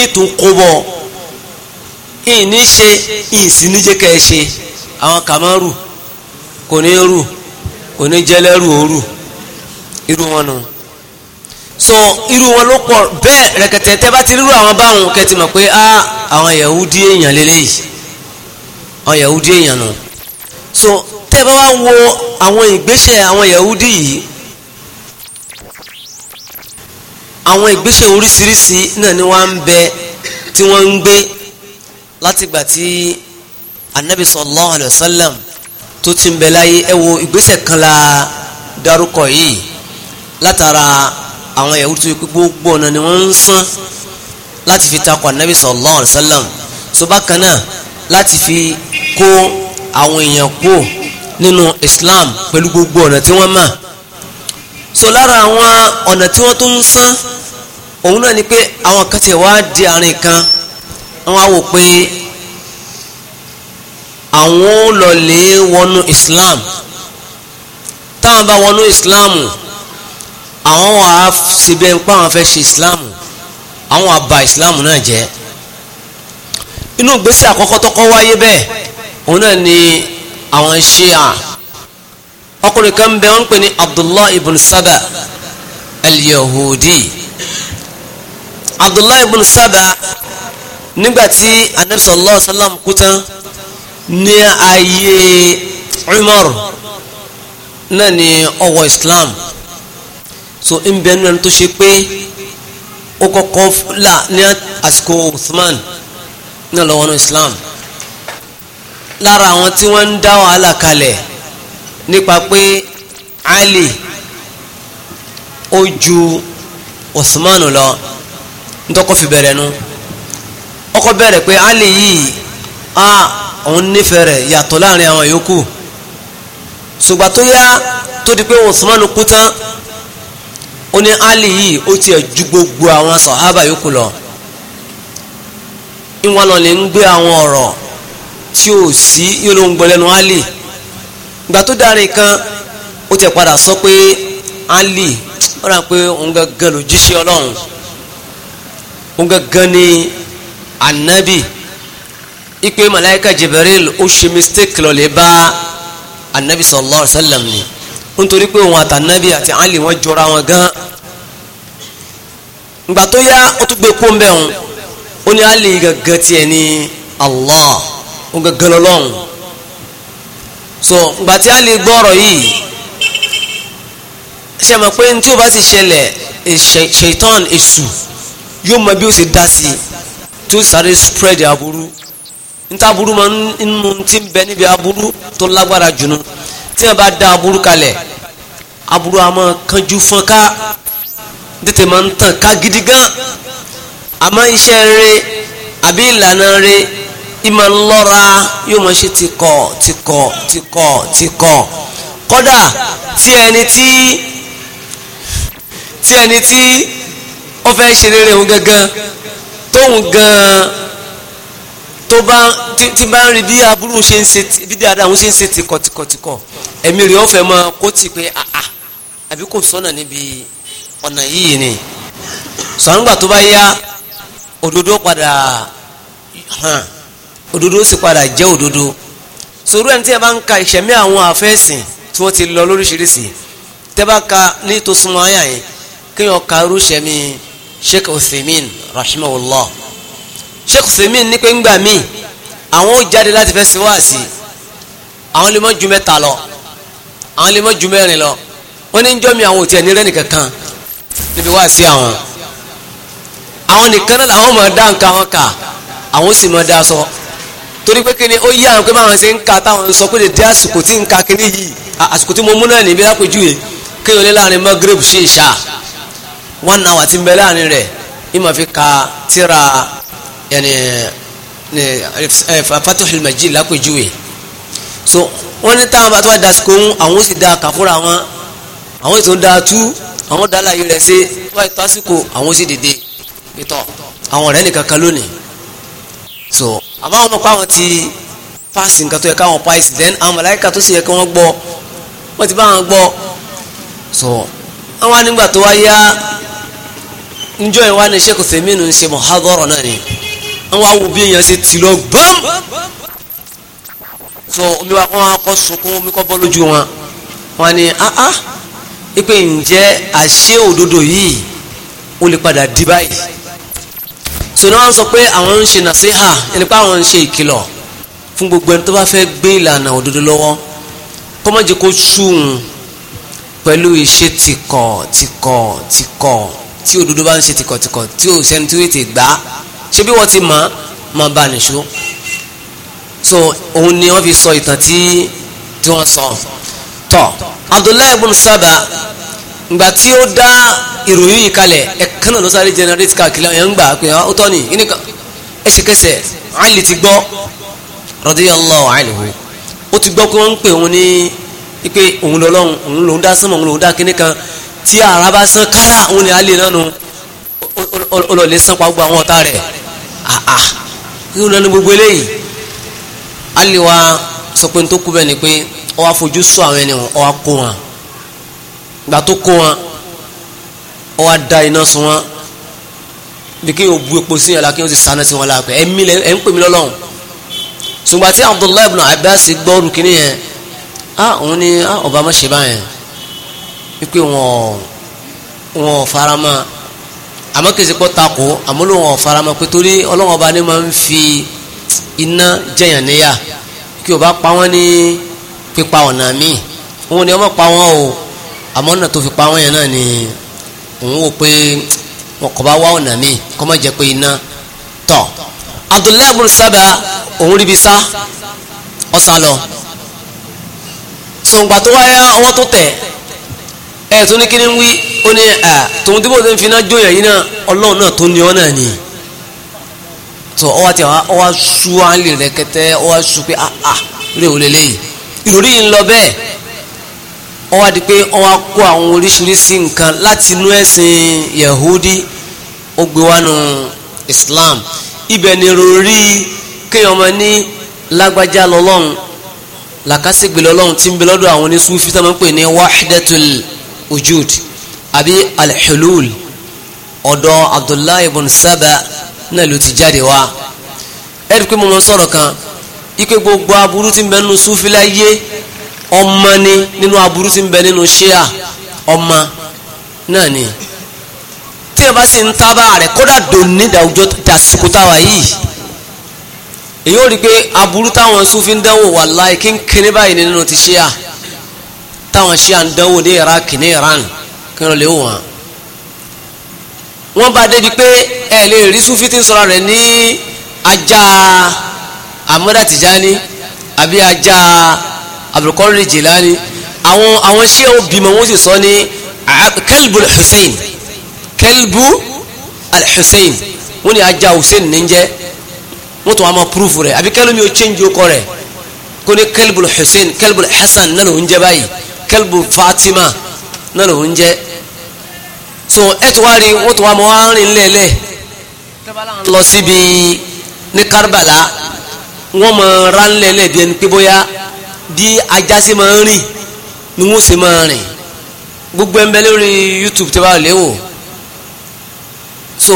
ìtún kó bọ̀ ìní ṣe ìsìn níjẹ́ kẹ́ ẹ ṣe àwọn kàmárù kò ní rù kò ní jẹ́lẹ́rù òórù irú wọn nù. No so irú wọn ló pọ̀ bẹ́ẹ̀ rẹ̀kẹ̀tẹ̀ tẹ́ bá ti rírú àwọn báwọn kẹ́tì mọ̀ pé á àwọn yahudi èèyàn lélẹ́yìí àwọn yahudi èèyàn nù so tẹ́ bá wá wo àwọn ìgbésẹ̀ àwọn yahudi yìí àwọn ìgbésẹ̀ oríṣiríṣi náà ni wọ́n ń bẹ tí wọ́n ń gbé látìgbà tí anabi sallallahu alayhi wa sallam tó ti ń bẹ láyé ẹ wo ìgbésẹ̀ kan la dárúkọ yìí látara àwọn yahudi tó yẹ pé gbogbo ọ̀nà ni wọ́n ń sán láti fi takò anabi sallallahu alayhi wa sallam so bákan náà láti fi kó àwọn èèyàn kú nínú islam pẹ̀lú gbogbo ọ̀nà tí wọ́n mọ̀ so lára àwọn ọ̀nà tí wọ́n tó ń sán òun náà ni pé àwọn kan ti wá di àárín kan wọ́n á wò pé àwọn ò lọ lè wọnú islam táwọn bá wọnú islam. Islam àwọn wà á síbẹ̀ ń pa àwọn fẹ́ ṣe islam àwọn wà ba islam náà jẹ́ inú gbèsè àkọ́kọ́ tọ́kọ́ wáyé bẹ́ẹ̀ òun náà ni àwọn ṣíà ọkùnrin kan bẹ wọn pè ní abdullah ibn saba al-yahudi abdullah ibn saba nígbàtí anabi sallallahu alayhi wa sallam kú tán ní umar náà ni ọwọ́ islam so ń bẹ nínú ẹni tó ṣe pé ó kọ́kọ́ là ní àsìkò Uthman ní ọlọ́wọ́nú Islam lára àwọn tí wọ́n ń dá wàhálà kalẹ̀ nípa pé Ali ó ju Uthman lọ ntọ́kọ fi bẹ̀rẹ̀ nu ọkọ bẹ̀rẹ̀ pé Ali yìí a òun nífẹ̀ẹ́ rẹ̀ yàtọ̀ láàrin àwọn yòókù ṣùgbọ́n tó yá tó di pé Uthman kú tán ó ní ali yìí ó tiẹ̀ ju gbogbo àwọn sọ̀hábà yòókù lọ ìwọ́n lọ lè ń gbé àwọn ọ̀rọ̀ tí ò sí yóò ló ń gbọ́ lẹ́nu ali ìgbà tó dárin kan ó tiẹ̀ padà sọ pé ali ó rà pé òun gangan ló jíṣẹ́ ọlọ́run òun gangan ni anabi ipe malaika jibril ó ṣe mistake lọ lè bá anabi sallallahu alaihi ni nítorí pé òun àtànábì àti Ali wọn jọra wọn gan ìgbà tó yá ó tún gbé kó ń bẹ̀ ó ní Ali gangan tiẹ̀ ní Allah ó gangan lọ́lọ́run so ìgbà tí Ali gbọ́ ọ̀rọ̀ yìí ṣe mọ̀ pé tí ó bá sì ṣẹlẹ̀ ṣètọ́n èṣù yóò mọ bí ó sì dá sí tí ó sáré spread aburú níta aburú máa ń nu ti bẹ níbi aburú tó lágbára jùlọ tí wọ́n bá da aburú kalẹ̀ aburú a máa kanjú fún ká tètè máa ń tàn ká gidi gan àmọ́ iṣẹ́ rere àbí ìlànà rere ìmọ̀ ńlọ́ra yóò máa ṣe tìkọ̀ tìkọ̀ tìkọ̀ tìkọ̀ kódà tí ẹni tí tí ẹni tí ó fẹ́ ṣe rere òun gangan tóun gan-an tó bá tí bá ń rí bí aburú ṣe ń ṣe bí dáadáa òun ṣe ń ṣe tìkọ̀tìkọ̀tìkọ̀ ẹ̀mí rẹ̀ ọ̀fẹ́ máa kó tì pé àà àbí kò sọ́nà níbi ọ̀nà yìí ni sọ̀rọ̀ǹgbà tó bá yá òdodo padà hàn òdodo sì padà jẹ́ òdodo sòrò ẹni tí ẹ bá ń ka ìṣẹ̀mí àwọn àfẹ́sìn tí wọ́n ti lọ lóríṣiríṣi tẹ́ bá ka ní tó súnmọ́ ayà yẹn kéèyàn ka irú ìṣẹ̀mí Sheikh Uthaymeen rahimahullah sheikh semin ní pé ń gbà míì àwọn ó jáde láti fẹ́ ṣe wáàsí àwọn lè mọ́ ju mẹ́ta lọ àwọn lè mọ́ ju mẹ́rin lọ wọ́n ní jọ́mi àwọn ò tiẹ̀ ní rẹ́nì kankan níbi wáàsí àwọn àwọn nìkan náà làwọn máa dá nǹkan wọn kà àwọn ó sì máa dá sọ torí pé kí ni ó yí àwọn pé báwọn ṣe ń ka táwọn sọ pé dèdè àsìkò tí ń ka kíní yìí àsìkò tí mo mú náà níbi lápèjúwe kéèyàn lé láàrin magreb sí ìṣá one hour ti ń bẹ láàrin rẹ̀ ìmọ̀ fi ka tíra yẹni ẹ fatih al-majid juwe so wọ́n ní táwọn bá tó wá dasìkò ń àwọn sì da kàfúrà wọn àwọn ètò ń da tú àwọn dá láàyè rẹ̀ ṣe tó wáyé tásìkò àwọn ó sì dìde pítọ̀ àwọn ọ̀rẹ́ nìkan kan lónìí so àbáwọn ọmọ pa àwọn ti paasi nǹkan tó yẹ káwọn paasi then àwọn màláíkà tó sì yẹ kí wọ́n gbọ́ wọ́n ti bá wọn gbọ́ so àwọn nígbà tó wá yá njọ́ yẹn wá ní sẹ́kù fèmínú ń ṣe mọ̀ hádọ́rọ̀ náà ni àwọn awo bí èèyàn ṣe tì lọ gbọ́m so omi wa kọ́ wọn kọ́ sunkún omi kọ́ bọ́ lójú wọn wọn ni ah ah ipe ǹjẹ́ àṣé òdodo yìí ó lè padà di báyìí so ní wọn sọ pé àwọn ń ṣe nàṣíhà ẹni pé àwọn ń ṣe ìkìlọ̀ fún gbogbo ẹni tó bá fẹ́ gbé ìlànà òdodo lọ́wọ́ kọ́mọ́jì kó ṣùn pẹ̀lú ìṣe tìkọ̀ tìkọ̀ tìkọ̀ tí òdodo bá ń ṣe tìkọ̀tìkọ̀ tí ò sẹ́ni tí ó ti gbà á ṣé bí wọ́n ti mọ̀ mọ̀ bá nìṣó so òun ni wọ́n fi sọ ìtàn tí tí wọ́n sọ tọ́ Abdullahi ibn Saba ìgbà tí ó dá ìròyìn yìí kalẹ̀ ẹ̀kan náà ló sáré generate káàkiri àwọn èèyàn ń gbà pé ó tọ́ ni kí ni kan ẹsẹ̀kẹsẹ̀ Ali ti gbọ́ radiyallahu anhu ó ti gbọ́ pé wọ́n ń pè òun ní pé òun lọ́lọ́run òun lòún dá sánmọ̀ òun lòún dá kíní kan tí ara bá sán káyà òun ni Ali náà nu ó lọ lè sán gbogbo àwọn ọ̀tá rẹ̀ àà ah, ah. irú lọ́nu gbogbo eléyìí a lè wa sọ pé tó kú bẹ́ẹ̀ ni pé ọ wá fojú sọ àwọn ẹni wọn ọ wá kó wọn gbà tó kó wọn ọ wá da iná sun wọn bí kí o bu epo sí yàrá kí o ti sànà sí wọn la pé ẹ mi lẹ ẹ ń pè mí lọ́lọ́run ṣùgbọ́n tí Abdullahi ibn Abbas gbọ́rù kínní yẹn a ah, òun ni ọba má ṣe báyẹn wípé wọn wọn fara máa àmọ́ kìí ṣe pọ́ takò àmọ́ lóun ọ̀faramọ́ pé torí ọlọ́wọ́n ọba ni máa ń fi iná jẹyàn níyà kí o bá pa wọ́n ní pípa ọ̀nà míì òun ni ọmọ pa wọ́n o àmọ́ ọ̀nà tó fi pa wọ́n yẹn náà ni òun wò pé wọn kò bá wá ọ̀nà míì kọ́ mọ̀ jẹ́ pé iná tọ̀ Abdullahi Saba òun ríbi sá ọ̀sà lọ sọ̀ǹgbà tó wáyé ọwọ́ tó tẹ̀ ẹ tún ní kíni wí ó ní à tòun tí bó ṣe ń fi iná jó yìí náà ọlọ́run náà tó ní ọ náà ni tó ọwọ́ tí ọwọ́ su àlè rẹ kẹtẹ ọwọ́ su pé àà rè ó lélẹ̀ yìí ìròrí yìí ń lọ bẹ́ẹ̀ ọwọ́ di pé ọwọ́ kó àwọn oríṣiríṣi nǹkan láti inú ẹ̀sìn Yahudi ó gbé wá nu Islam ibẹ̀ ni ròrí kéèyàn máa ní lágbájá lọ́lọ́run làkàṣègbè lọ́lọ́run tí ń bẹ lọ́dọ̀ àwọn oníṣúfì tí máa ń pè ní wahdatul ujud àbí alḥulul ọ̀dọ̀ abdullahi ibn saba náà ló ti jáde wá ẹ̀rí pé mo mọ sọ̀rọ̀ kan ike gbogbo aburú tí ń bẹ nínú súfìlà yé ọmọ ni nínú aburú tí ń bẹ nínú ṣíà ọmọ náà ni tí ẹ bá sì ń tábà rẹ kódà dòní dàwùjọ dàsìkò táwa yìí èyí ò rí i pé aburú táwọn súfì ń dánwò wà ti ṣíà táwọn ṣíà ń dánwò ní Iraq ní Iran kí wọ́n lè wọ̀n wọ́n bá débi pé ẹ lè rí sufi tí ń ní ajá Amada Tijani àbí ajá Abdulkadir Jilani àwọn àwọn ṣíà ó bímọ wọ́n sì sọ ní kẹlbu Hussein kẹlbu Hussein wọ́n ní ajá Hussein ní jẹ́ wọ́n tún wá máa púrúfù rẹ̀ àbí kẹlbu mi ò change okọ rẹ̀ kó ní kẹlbu Hussein kẹlbu Hasan náà ló báyìí kẹlbu fatima náà lòun jẹ́ so ẹ ti wá rí wọ́n ti wá mọ́ wá rìn lẹ́lẹ́ lọ síbi ní Karbala wọ́n mọ ránlẹ́lẹ́ bí ẹni pé bóyá bí ajá sí máa rìn ni wọ́n sì máa rìn gbogbo ẹ̀ lórí YouTube tí a bá lè wò so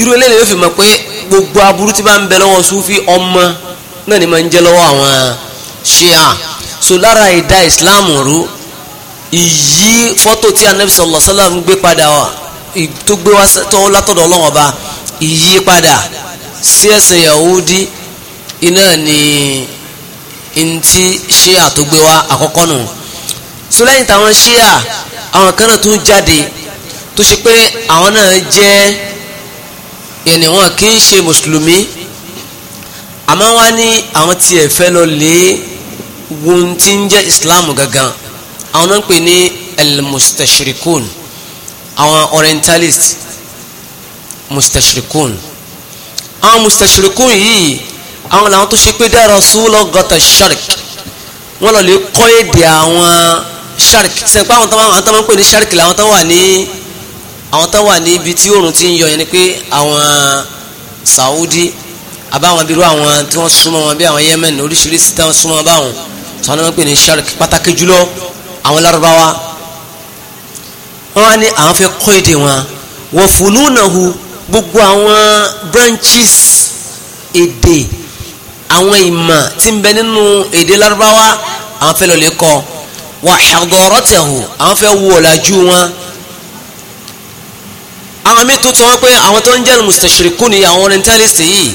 irú eléyìí ló fi mọ̀ pé gbogbo aburú tí bá ń bẹ lọ́wọ́ sufi ọmọ náà ni máa ń jẹ́ lọ́wọ́ àwọn Shia so lára ìdá Islam rú ìyí fọ́tò tí anabi sallallahu alaihi wasallam ń gbé padà wá tó gbé wá tó látọ̀dọ̀ ọlọ́wọ́n ọba ìyí padà sí ẹ̀sìn yahudi iná ni ntí ṣíà tó gbé wá àkọ́kọ́ nù sọlẹ́yìn táwọn ṣíà àwọn kan náà tún jáde tó ṣe pé àwọn náà jẹ́ yẹnì wọn kì í ṣe mùsùlùmí àmọ́ wá ní àwọn tiẹ̀ fẹ́ lọ lé wọn ti ń jẹ́ islam gangan àwọn náà ń pè ní al-mustashirikun àwọn orientalist mustashirikun àwọn mustashirikun yìí àwọn làwọn tó ṣe pé dára súlọ gọta shark wọn lọ lè kọ́ èdè àwọn shark sẹ́ni pé àwọn tó máa ń pè ní shark làwọn tó wà ní àwọn tó wà ní ibi tí oòrùn ti ń yọ yẹn ni pé àwọn Saudi àbáwọn bíi irú àwọn tí wọ́n súnmọ́ wọn bí àwọn Yemen oríṣiríṣi tí wọ́n súnmọ́ báwọn tí wọ́n náà ń pè ní shark pàtàkì jùlọ àwọn Lárúbáwá wọ́n wá ní àwọn fẹ́ kọ́ èdè wọn wọ́n fòlú náà hu gbogbo àwọn branches èdè àwọn ìmọ̀ tí ń bẹ nínú èdè Lárúbáwá àwọn fẹ́ lọ lè kọ́ wà hadaratahu àwọn fẹ́ wọ ọ̀làjú wọn àwọn mi tuntun wọn pé àwọn tó ń jẹ́ mustashirikun ni àwọn orientalist yìí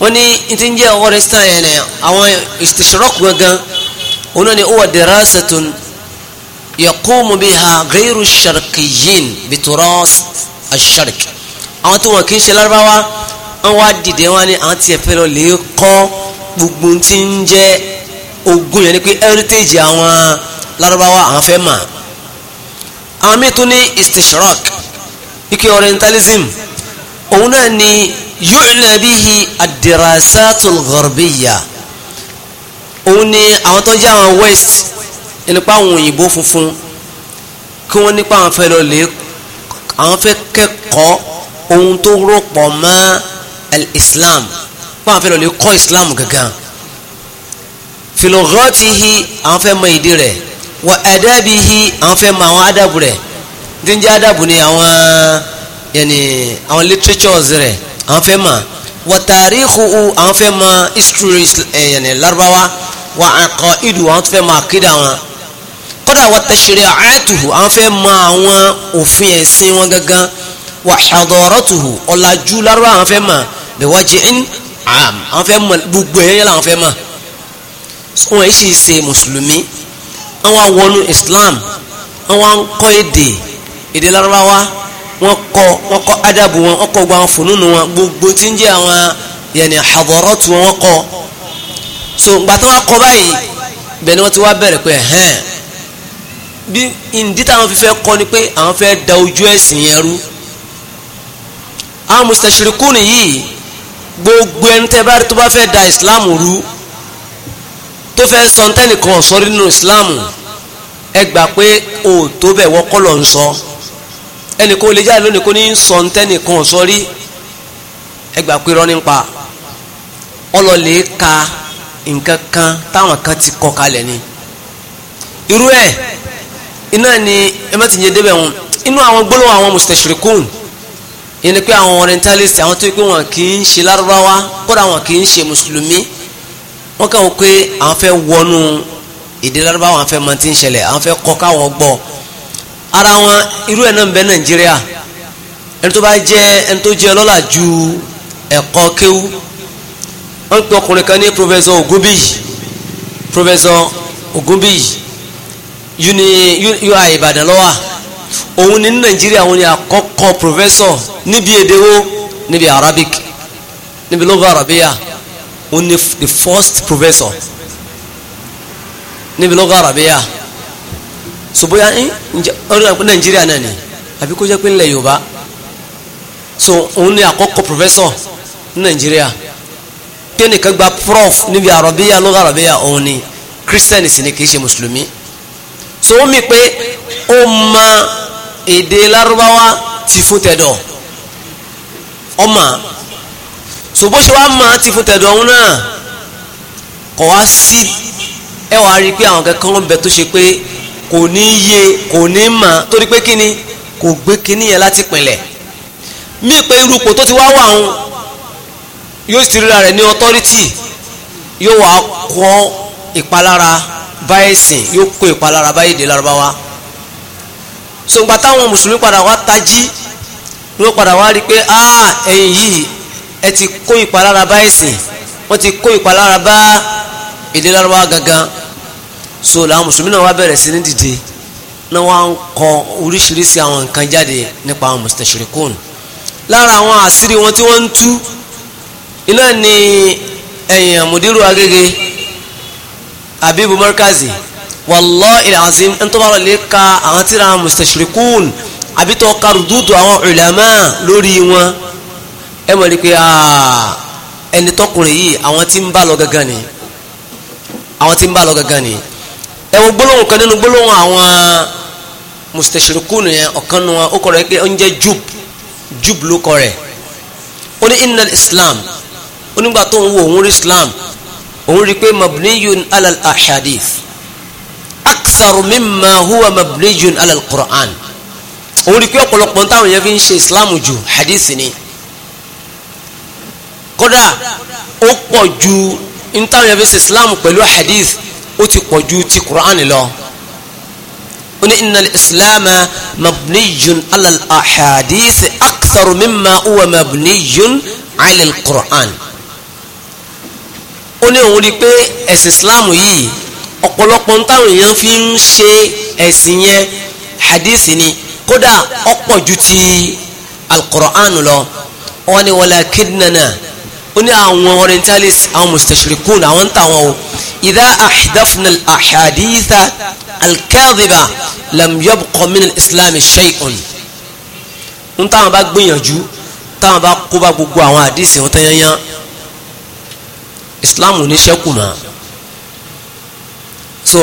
wọ́n ní ti ń jẹ́ orientalist yẹn àwọn istishrak gangan òun náà ni ó wà dirasatun يقوم بها غير sharqiyin بتراث asharq àwọn tó wọn kì í ṣe lárúbáwá wọn wá dìde wọn ni àwọn tiẹ̀ fẹ́ lọ lè kọ́ gbogbo tí ń jẹ́ ogun yẹn ni pé heritage àwọn lárúbáwá àwọn fẹ́ mà àwọn míì tún ní istishraq ike orientalism òun náà ni yu'na bihi ad òun ni àwọn tó jẹ́ àwọn west nípa àwọn òyìnbó funfun kí wọ́n nípa àwọn fẹ́ lọ lè àwọn fẹ́ kẹ́kọ̀ọ́ ohun tó rọ̀pọ̀ mọ́ islam pé àwọn fẹ́ lọ lè kọ́ islam gangan filogotihi àwọn fẹ́ mọ ìdí rẹ̀ wọ adabihi àwọn fẹ́ mọ àwọn adabu rẹ̀ díndín adabu ni àwọn yẹni àwọn literatures rẹ̀ àwọn fẹ́ mọ wọ tàríkù àwọn fẹ́ mọ history eh, yẹni Lárúbáwá wọ àkọ ìdù àwọn fẹ́ mọ àkídà wọn kódà wọ́n tẹ̀sírẹ́ àátùhù àwọn fẹ́ mọ àwọn òfin ẹ̀sìn wọn gangan wà àdọ̀rọ̀tùhù ọ̀làjú lárúbá àwọn fẹ́ mọ bẹ̀wájì ń àm àwọn fẹ́ mọ gbogbo ẹ̀yẹ́ làwọn fẹ́ mọ. wọn yìí sì ṣe mùsùlùmí àwọn wọnú Islam àwọn ń kọ́ èdè èdè wa wọn kọ wọn kọ adabu wọn wọn kọ gba àwọn fònúnù wọn gbogbo tí ń jẹ àwọn yẹnì àdọ̀rọ̀tù wọn kọ so gbàtà wọn kọ báyìí bẹ́ẹ̀ ni ti wá bẹ̀rẹ̀ pé hẹ́n bí ìdí táwọn fi fẹ́ kọ́ ni pé àwọn fẹ́ da ojú ẹ̀sìn yẹn rú àwọn mùsùlùmí nìyí gbogbo ẹni tẹ́ bá tó bá fẹ́ da islam rú tó fẹ́ sọ ntẹ́nìkan ọ̀sọ́rí nínú islam ẹ gbà pé òótọ́ bẹ̀ wọ́kọ́ lọ ń sọ ẹnìkan ò lè jáde lónìí kó ní sọ ntẹ́nìkan ọ̀sọ́rí ẹ gbà pé rọ́ní pa ọlọ́lẹ̀ ka nǹkan kan táwọn kan ti kọ kalẹ̀ ni irú ẹ̀ iná ni ẹ má ti yẹ débẹ̀ wọn inú àwọn gbólóhùn àwọn mustashirikun yẹn ni pé àwọn orientalist àwọn tó yẹ pé wọn kì í ṣe lárúbáwá kódà wọn kì í ṣe mùsùlùmí wọn kàn wọ pé àwọn fẹ́ wọnú èdè lárúbáwá àwọn fẹ́ mọ ti ń ṣẹlẹ̀ àwọn fẹ́ kọ́ káwọn gbọ́ ara wọn irú ẹ̀ náà ń bẹ nàìjíríà ẹni tó bá jẹ́ ẹni tó jẹ́ ọlọ́lá ju ẹ̀kọ́ kéwú wọ́n pe ọkùnrin kan ní professor Ogunbiyi professor Ogunbiyi UI Ìbàdàn lọ́wà òun ni ní Nàìjíríà òun ni àkọ́kọ́ professor níbi èdèwó níbi Arabic níbi lóga Arabiya òun ni the first professor níbi lóga Arabiya so bóyá ọdún Nàìjíríà náà ni àbí kó jẹ́ pé ńlẹ̀ Yorùbá so òun ni àkọ́kọ́ professor ní Nàìjíríà kí ẹnìkan gba prof níbi Arabiya lóga Arabiya òun ni Christian sì ni kì í ṣe mùsùlùmí so ó mi pé ó mọ èdè lárúbáwá ti fún tẹ̀dọ̀ ọmọ so bó ṣe wá mọ ti fún tẹ̀dọ̀ ọ̀hún náà kọ̀ wá sí ẹ wàá rí i pé àwọn kankan ló bẹ tó ṣe pé kò ní yé kò ní mọ torí pé kíni kò gbé kíní yẹn láti pinlẹ̀ mí pé irúpò tó ti wá wà ń yóò ti ríra rẹ̀ ní authority yóò wá kọ́ ìpalára bá ẹ̀sìn yóò kó ìpalára bá èdè lárúbáwá so ìgbà táwọn mùsùlùmí padà wá tají ló padà wá rí pé ah ẹ̀yin yìí ẹ ti kó ìpalára bá ẹ̀sìn wọ́n ti kó ìpalára bá èdè lárúbáwá gangan so làwọn mùsùlùmí náà wá bẹ̀rẹ̀ sí ní dìde náà wá ń kọ oríṣiríṣi àwọn nǹkan jáde nípa àwọn mustashirikun lára àwọn àṣírí wọn tí wọ́n ń tú iná ni ẹ̀yìn àmùdírù agége abibu markazi wallahi alazim ntọ́bàrọ̀ lè ka àwọn tíra mustashriqun àbí tó ka rùdúdù àwọn ulama lórí wọn ẹ mọ̀ ní pé ẹni tọkùnrin yìí àwọn tí ń bá lọ gangan ni àwọn tí ń bá lọ gangan ni ẹ wọ gbólóhùn kan nínú gbólóhùn àwọn mustashriqun yẹn ọ̀kan nu wọn ó kọ̀ rẹ̀ pé ó ń jẹ́ jub jub ló kọ̀ rẹ̀ ó ní innal islam ó nígbà tó ń wo òun rí islam òun rí i pé mabniyun alal ahadith aktharu mimma huwa mabniyun alal qur'an òun rí i pé ọ̀pọ̀lọpọ̀ táwọn yẹn fi ń ṣe islam ju hadith ni kódà ó pọ̀ ju táwọn yẹn fi ń ṣe islam pẹ̀lú hadith ó ti pọ̀ ju ti qur'an lọ ó ní innal islam mabniyun alal ahadith aktharu mimma huwa mabniyun alal qur'an ó ní òun rí i pé ẹ̀sìn islam yìí ọ̀pọ̀lọpọ̀ ń táwọn èèyàn fi ń ṣe ẹ̀sìn yẹn hadith ni kódà ọ̀pọ̀ ju ti al-Qur'an lọ wọ́n ní walakinnana ó ní àwọn orientalist àwọn mustashirikun àwọn ń tàwọn o idha ahdafna al-ahaditha al-kadhiba lam ń táwọn bá gbìyànjú táwọn bá kó bá gbogbo àwọn hadith wọn tán yányán islam ní sẹ́kù mọ́ so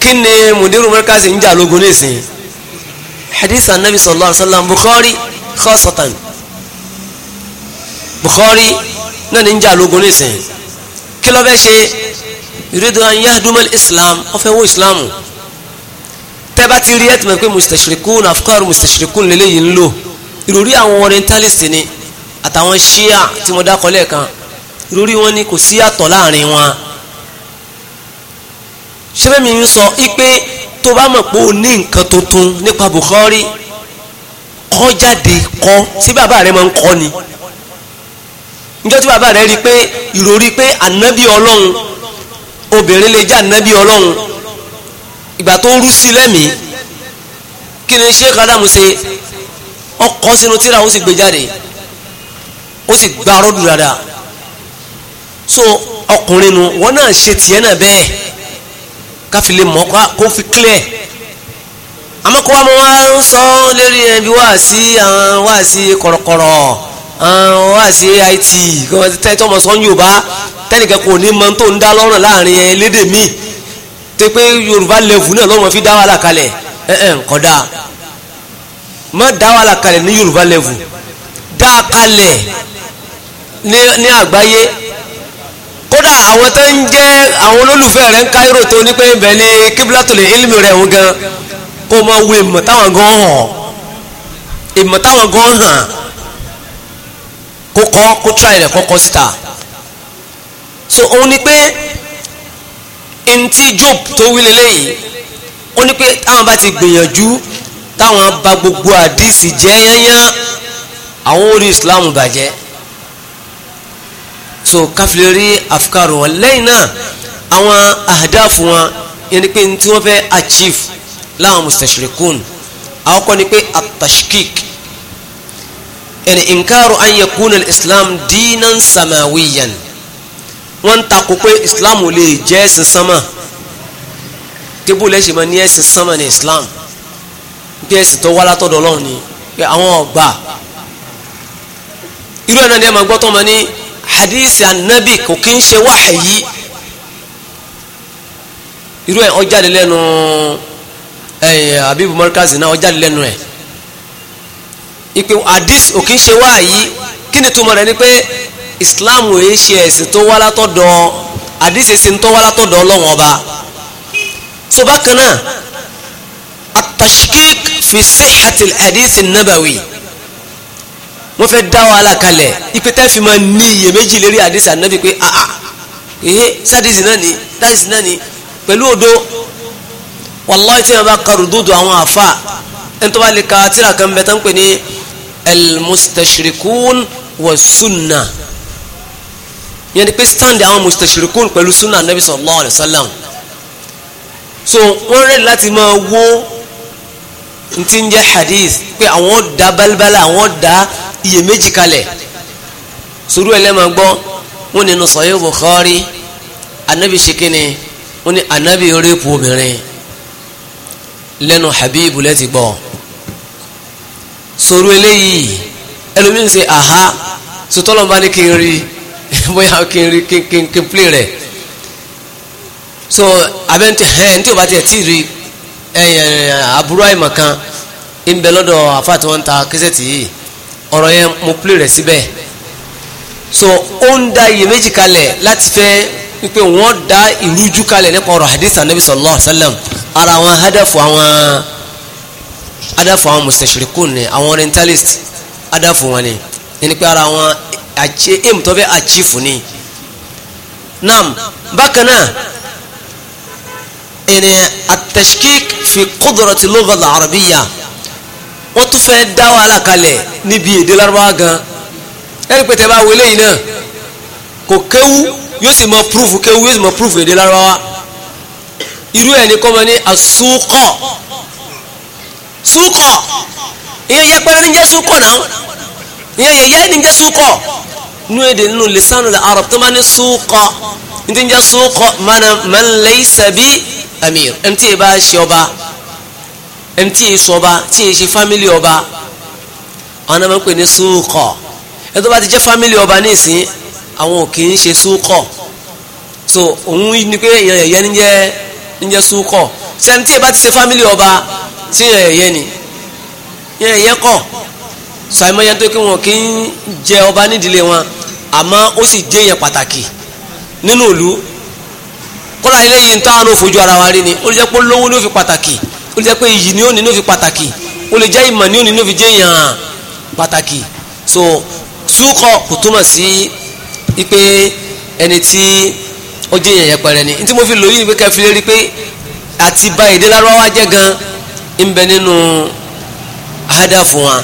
kí ni mudiru markazi ń jà lógun nísìn hadith anabi sallallahu alaihi wa sallam bukhari khasatan bukhari náà ní ń jà lógun nísìn kí ló fẹ́ ṣe yuridu an yahdumal islam ó fẹ́ wó islam tẹ́bá ti rí ẹ̀tùmọ̀ pé mustashirikun afkaru mustashirikun lélẹ́yìn ń lò ìròrí àwọn orientalist ni àtàwọn shia tí mo dákọ̀ lẹ́ẹ̀kan lórí wọn ni kò sí yàtọ̀ láàrin wọn ṣẹ́fẹ̀mí ń sọ ipe tó bá mọ̀ pé o ní nǹkan tuntun nípa Bukhari kọ́ jáde kọ́ tí bàbá rẹ máa ń kọ́ ni níjọ́ tí bàbá rẹ rí i pé ìròrí pé ànábì ọlọ́run obìnrin lè jẹ́ ànábì ọlọ́run ìgbà tó rú sí lẹ́mìí kí ni Sheikh Adam ṣe ọkọ̀ sínú tíra ó sì gbé jáde ó sì gbá arọ́dù dáadáa so ọkùnrin nu wọn náà ṣe tiẹ̀ náà bẹ́ẹ̀ káfi lè mọ̀ kó fi clear àmọ́ kó wa mọ wá ń sọ lérí ẹ̀ bí wá sí àwọn wá sí kọ̀rọ̀kọ̀rọ̀ àwọn wá sí it tẹ́tọ́ mọ̀ sọ yorùbá tẹ́nìkan kò ní mọ tó ń dá lọ́rùn láàrin ẹ̀ lédè míì tó pé yorùbá level náà lọ́rùn fi dá wàhálà kalẹ̀ ẹ̀ẹ́n kódà má dá wàhálà kalẹ̀ ní yorùbá level dá kalẹ̀ ní àgbáyé kódà àwọn tó ń jẹ́ àwọn olólùfẹ́ rẹ̀ ń káírò tó ní pé ibẹ̀ ni kíbílátòlè ilmi rẹ̀ ń gan kó mọ wo ìmọ̀ táwọn gan hàn ìmọ̀ táwọn gan hàn kó kọ́ kó tíra rẹ̀ kọ́kọ́ síta so òun ni pé ntí job tó wí lélẹ́yìí ó ní pé táwọn bá ti gbìyànjú táwọn bá gbogbo àdìsí jẹ́ yányá àwọn orí Islam bàjẹ́ so káfílẹ̀ rí afikaru wọn lẹ́yìn náà àwọn àdáàfù wọn yẹn ni pé ní tí wọ́n fẹ́ achieve láwọn mustashirikun àwọn ni pé atashkik ẹni inkaru an yakuna islam dinan samawiyan wọ́n ń takò pé islam ò lè jẹ́ ẹ̀sìn sánmà tébù lẹ́sìn máa ní ẹ̀sìn sánmà ní islam bí ẹ̀sìn tó wá látọ̀dọ̀ ọlọ́run ni pé àwọn ọgbà irú ẹ̀ náà ni ẹ̀ máa gbọ́ tó máa ní hadisi anabi kò kí ń ṣe wáhàyí irú ẹ̀ ọjáde lẹ́nu ẹ̀yìn abibu markazi náà ọjáde lẹ́nu ẹ̀ ipe hadisi kò kí ń ṣe wáhàyí kí ni túmọ̀ rẹ̀ ni pé islam èyí ṣe ẹ̀sìn tó wá látọ̀dọ̀ hadisi ẹ̀sìn tó wá látọ̀dọ̀ ọlọ́run ọba so bákan náà atashkik fi sihhatil hadisi nabawi wọ́n fẹ́ dá wàhálà kalẹ̀ ipe tẹ́ fi máa ní iyèméjì lérí àdìsí ànábì pé àà ah, ah, ehe sádìsí náà ni dáìsí náà ni pẹ̀lú odo wàláhì tí wọ́n bá ka rùdúdù àwọn àfa ẹni tó bá lè ka tíra kan bẹ tán pè ní elmustashirikun wa sunna yẹn ni pé stand àwọn mustashirikun pẹ̀lú sunna ànábì sallallahu alayhi wa so wọ́n rẹ̀ láti máa wó ntí ń jẹ́ hadith pé àwọn da balibala àwọn da iyèméjì kalẹ̀ sùúrù ẹlẹ́mọ̀ gbọ́ wọn nínú sọ̀yìn Bukhari anabi ṣèkínni wọn ni anabi rẹ́pù obìnrin lẹ́nu Habibu lẹ́ti gbọ́ sùúrù eléyìí ẹlòmíín ṣe àhá sotọ́lọ́ bá ní kí n rí bóyá kí n rí kí n plé rẹ̀ so abẹ́ntẹ́ ẹ̀ẹ́n tí o bá tiẹ̀ tí rí ẹ̀yẹ̀ àbúrò àìmọ̀kan ń bẹ lọ́dọ̀ àfàtúwọ̀n ta kẹsẹ̀ tì yìí ọ̀rọ̀ yẹn mo plé rẹ̀ síbẹ̀ so ó ń da iyèméjì kalẹ̀ láti fẹ́ wípé wọ́n da ìrújú kalẹ̀ nípa ọ̀rọ̀ hadith anabi sallallahu alayhi wa sallam ara àwọn hadafu àwọn hadafu àwọn mustashirikun ni àwọn orientalist hadafu wọn ni yẹn pé ara àwọn aim tó fẹ́ achieve ni naam bákan náà ẹni atashkik fi qudrati lugha al-arabiyya wọ́n tún fẹ́ dá wàhálà kalẹ̀ níbi èdè lárúbáwá gan ẹni pé tẹ bá wọlé yìí náà kò kéwú yóò sì mọ púrúfù kéwú yóò sì mọ púrúfù èdè lárúbáwá irú ẹni kọ́mọ ní asúkọ̀ súkọ̀ ìyẹn yẹ pẹ́rẹ́ ní jẹ́ súkọ̀ náà ìyẹn yẹ yẹ́ ní jẹ́ súkọ̀ nú èdè nínú lisanu arab tó máa ní súkọ̀ ní ti ń jẹ́ súkọ̀ man laysa bi amir ẹni tí ì bá ṣe ọba ẹni tí èso ọba tí èso fámílì ọba àwọn náà máa ń pè ní súkọ ẹni tó bá ti jẹ́ fámílì ọba ní ìsín àwọn ò kì í ṣe súkọ so òun ni pé èèyàn ẹ̀yẹ ní jẹ́ ní jẹ́ súkọ sẹ́ni tí ẹ bá ti ṣe fámílì ọba sí èèyàn ẹ̀yẹ ni èèyàn ẹ̀yẹ kọ̀ so àìmọye tó kí wọn kì í jẹ ọba nídìílé wọn àmọ́ ó sì jẹ́ èèyàn pàtàkì nínú ìlú kọ́lá eléyìí ń ó lè jẹ́ pé iyì ni ó ní ní ó fi pàtàkì ó lè jẹ́ ìmọ̀ ni ó ní ní ó fi jẹ́ èèyàn pàtàkì so súkọ̀ kò túmọ̀ sí pé ẹni tí ó jẹ́ èèyàn yẹpẹrẹ ni tí mo fi lóyún pé kẹfì lérí pé àti ba èdè lárúbáwá jẹ́ gan ń bẹ nínú àádá fún wa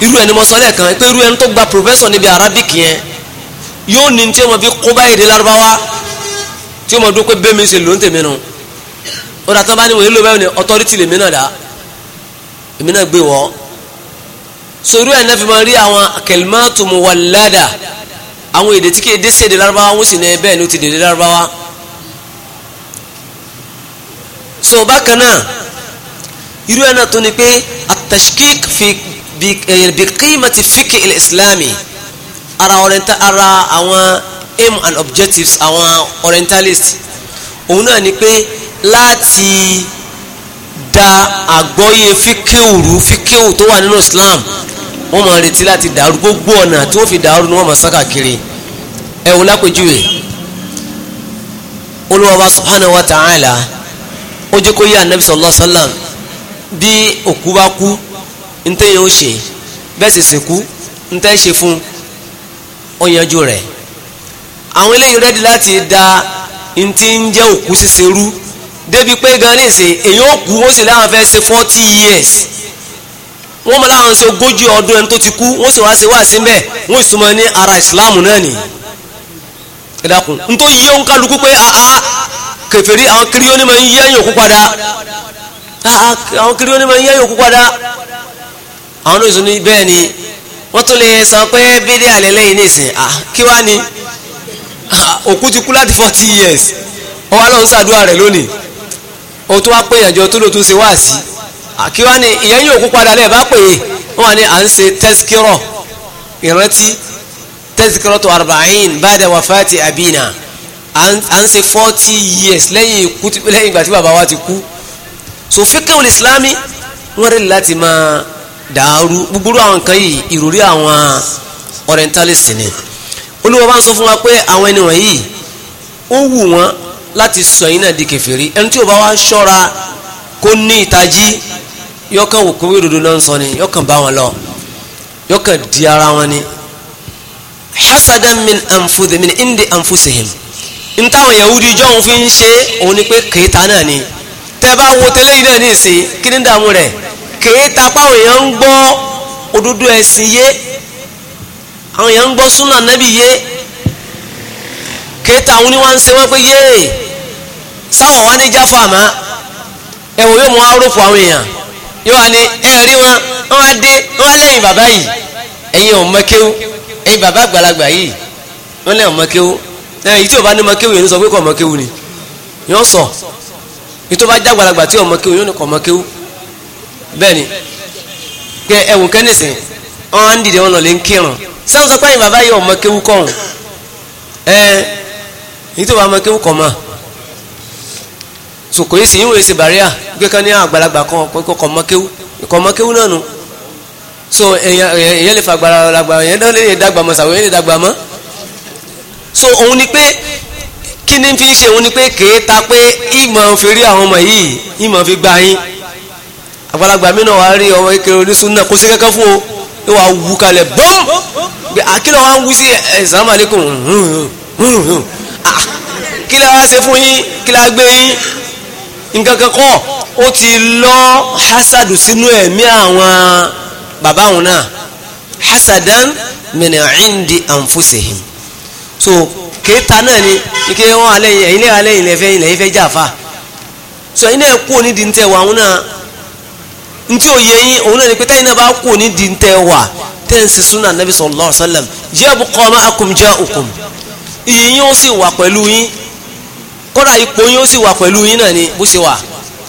irú ẹni mo sọ lẹ́ẹ̀kan pé irú ẹni tó gba professor níbi arabic yẹn yóò ní tí mo fi kó bá èdè lárúbáwá tí mo dún pé bẹ́ẹ̀ mi ṣe ló ń No ó dàtọ́ bá ní wòye ló bẹ́ẹ̀ ni ọtọ́rítì lèmi náà dá èmi náà gbé wọ́ sòrú ẹ̀ náà fi máa rí àwọn kẹlímàtù muwallada àwọn èdè tí kì í dé sí èdè lárúbáwá wọ́n sì ní bẹ́ẹ̀ ni ó ti dèdè lárúbáwá so bákan náà irú ẹ̀ náà tó ni pé atashkik fi bikimati fiki il islami ara orienta ara àwọn aim and objectives àwọn orientalist òun náà ni pé láti da àgbọ́yé fíkíwùrú fíkíwù tó wà nínú Islam wọ́n máa retí láti dàrú gbogbo ọ̀nà tí wọ́n fi dàrú ni wọ́n máa sáka kiri ẹ wò lápèjúwe olùwàbà subhanahu wa ta'ala ó jẹ́ kó yé anabi sallallahu alayhi wa sallam bí òkú bá kú ntẹ́ yẹn ó ṣe bẹ́ẹ̀ sì sìnkú ntẹ́ ṣe fún ó yanjú rẹ̀ àwọn eléyìí rẹ́dí láti da ntí ń jẹ́ òkú ṣíṣe rú débi pé gan nísìn èyí ó kú ó sì láwọn fẹ́ ṣe forty years wọ́n mọ láwọn ṣe ogójì ọdún ẹni tó ti kú wọ́n sì wá ṣe wá sí mbẹ́ wọ́n sì mọ ní ara ìsìláàmù náà nì ẹ dákun nítorí yíyó ń kálukú pé aa ah, ah, kèfèrí àwọn kiri ó ní ma ah, ń yí ẹ̀yìn òkú padà àwọn kiri ó ní ma ń yí padà àwọn náà sùn ní bẹ́ẹ̀ ni wọ́n tún lè sọ pé bídé àlẹ́ lẹ́yìn nísìn kí wá ni òkú ti kú láti forty years ọwọ́ àlọ́ ń ṣàdúrà rẹ̀ lónìí o tó wá pé ìyànjọ tó ló tún ṣe wá sí kí wá ní ìyẹn yóò kú padà lẹ́ẹ̀ bá pè é wọ́n wá ní à ń ṣe tẹ́síkírọ̀ ìrántí tẹ́síkírọ̀ tó arba'in ba'da wafati abina à ń ṣe forty years lẹ́yìn ikú lẹ́yìn ìgbà tí bàbá wa ti kú so fíkẹ́wò ìsìlámì wọ́n rí láti máa dàárú gbogbo àwọn nǹkan yìí ìròrí àwọn orientalist ni olúwa bá ń sọ fún wa pé àwọn ẹni wọ̀nyí ó wù wọ́n láti sọ yín náà di kèfèrí ẹni tí o bá wá ṣọ́ra kó ní ìtají yọkàn wò kó wírodo ló ń sọ ni yọkàn bá wọn lọ yọkàn di ara wọn ni hasadan min anfusi min indi anfusihim n táwọn yahudi jọ́hún fi ń ṣe òun ni pé kèéta náà ni tẹ́ bá wo tẹ́lẹ̀ yìí náà ní ìsìn kí ni dààmú rẹ̀ kèéta páwọn èèyàn ń gbọ́ òdodo ẹ̀sìn yé àwọn èèyàn ń gbọ́ súnà nábì yé kéèta àwọn oníwà ń ṣe wọ́n pé yéè sáwọn wá ní jáfọ́ àmọ́ ẹ̀wọ̀n yóò mú arófò àwọn èèyàn yóò wá ní ẹ̀rí wọn wọ́n wá dé wọ́n wá lẹ́yìn bàbá yìí ẹ̀yin ò mọ́kéwú ẹ̀yin bàbá àgbàlagbà yìí wọ́n lẹ́yìn mọ́kéwú èyí tí ò bá ní mọ́kéwú yẹn sọ pé kò mọ́kéwú ni yóò sọ èyí tó bá já àgbàlagbà tí ò mọ́kéwú yóò ní kò mọ́kéwú bẹ́ẹ̀ ni pé ẹ̀wọ̀n kẹ́nìsìn wọ́n á ń dìde wọn lọ lè ń kírun sáwọn sọ pé ẹ̀yin bàbá yìí ò mọ́kéwú kọ́hún ẹ̀ẹ́ èyí tó bá mọ kéwù kọ́ mọ́ so kò yí sí ìwé ṣe bàríà gbé kan ní àgbàlagbà kan ọ̀pọ̀ kọ́ mọ́ kéwù kọ́ mọ́ kéwù náà nù so èyàn lè fa àgbàlagbà èyàn náà lè dàgbà mọ́ sàwọn èyàn lè dàgbà mọ́ so òun ni pé kí ni fi ṣe òun ni pé kèé ta pé ìmọ̀ fi rí àwọn ọmọ yìí ìmọ̀ fi gbà yín àgbàlagbà mi náà wà rí ọmọ kékeré oníṣun náà kò sí kankan fún o yóò wá wú kalẹ̀ bọ́m àkìlọ̀ wá wú sí ẹ̀sán àmàlẹ́kùn Kila la ṣe fún yín kí la gbé yín nǹkan kan kọ́ ó ti lọ hasadu sínú ẹ̀mí àwọn bàbá wọn náà hasadan min indi anfusihim so kéta náà ni ike wọn alẹ́yìn ẹ̀yin lẹ́yìn alẹ́yìn lẹ́fẹ́ lẹ́yìn fẹ́ jàfa so ẹ̀yin náà kú onídìí ń tẹ̀ wá àwọn ntí ò yẹ yín òun náà ni pé táyìn náà bá kú onídìí ń tẹ̀ wá tẹ̀ ń sísun náà nabi sallallahu jẹ́ bukọ́ máa kùm jẹ́ iyì yín ó sì wà pẹ̀lú yín kódà ipò yín ó sì wà pẹ̀lú yín náà ni bó ṣe wà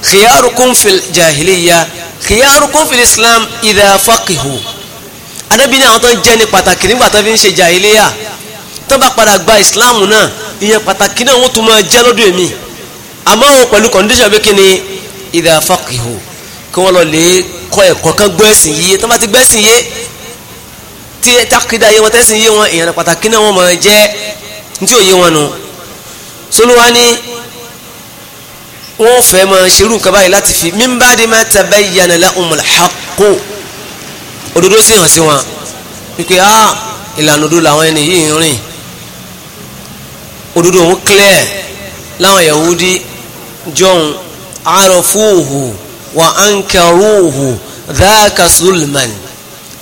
khiyarukum fil jahiliya khiyarukum fil islam idha faqihu anábì ní àwọn tó ń jẹ́ ní pàtàkì nígbà tó fi ń ṣe jahiliya tó bá padà gba islam náà ìyẹn pàtàkì náà wọ́n tún máa jẹ́ lọ́dọ̀ èmi àmọ́ àwọn pẹ̀lú condition bí kíni idha faqihu kí wọ́n lọ lè kọ́ ẹ̀kọ́ kan gbẹ́sìn yé tó bá ti gbẹ́sìn yé tí takida yé wọn tẹ́sìn yé wọn ìyẹn pàtàkì náà wọ́n máa jẹ́ ntí òye wọn nu solúwa ni wọn fẹ́ máa ṣerú nǹkan báyìí láti fi min ba'di ma tabayyana lahumul haqqu òdodo sì hàn sí wọn wípé a ìlànà òdodo làwọn ẹni yìí ń rìn òdodo òun clear láwọn Yahudi jọ̀hún arafuhu wa ankaruhu dhaka sulman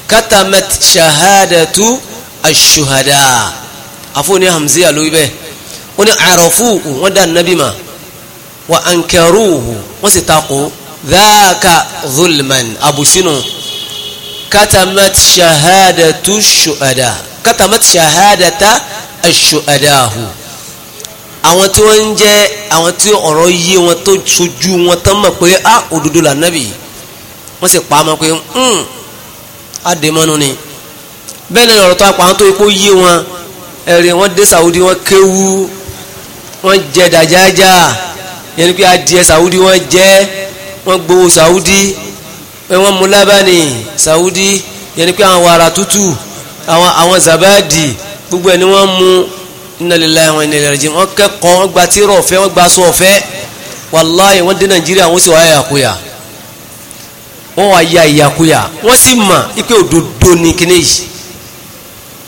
katamat shahadatu ashuhada. Ash àfọ ní hamziya ló wí bẹ́ẹ̀ ó ní àròfù wọn dá nàbí mà wà ankaruhu wọn sì takò dáàkà zulman abushinu katamat shahadatu shuhada katamat shahadata ashuhadahu àwọn tí wọ́n ń jẹ́ àwọn tí ọ̀rọ̀ yé wọn tó sojú wọn tán mọ̀ pé a ah, òdodo là nábì wọ́n sì pa á pé ń hmm, àdèmọ́nu ni bẹ́ẹ̀ ni ọ̀rọ̀ tó apá àwọn tó yẹ kó yé wọn ẹ̀rí wọ́n dé Saudi wọ́n kéwú wọ́n jẹ dàjájá yẹn ni pé adìẹ Saudi wọ́n jẹ wọ́n gbowó Saudi wọ́n mú lábàánì Saudi yẹn ni pé àwọn wàrà tútù àwọn àwọn zabadi gbogbo ẹ̀ ni wọ́n mú inna lillahi wa inna ilaihi raji'un wọ́n kẹ́kọ̀ọ́ wọ́n gba tírọ̀ ọ̀fẹ́ wọ́n gba sọ ọ̀fẹ́ wàláyé wọ́n dé Nàìjíríà wọ́n sì wáyà àkóyà wọ́n wá ìyàkóyà wọ́n sì mà ipe òdodo ni kíní yìí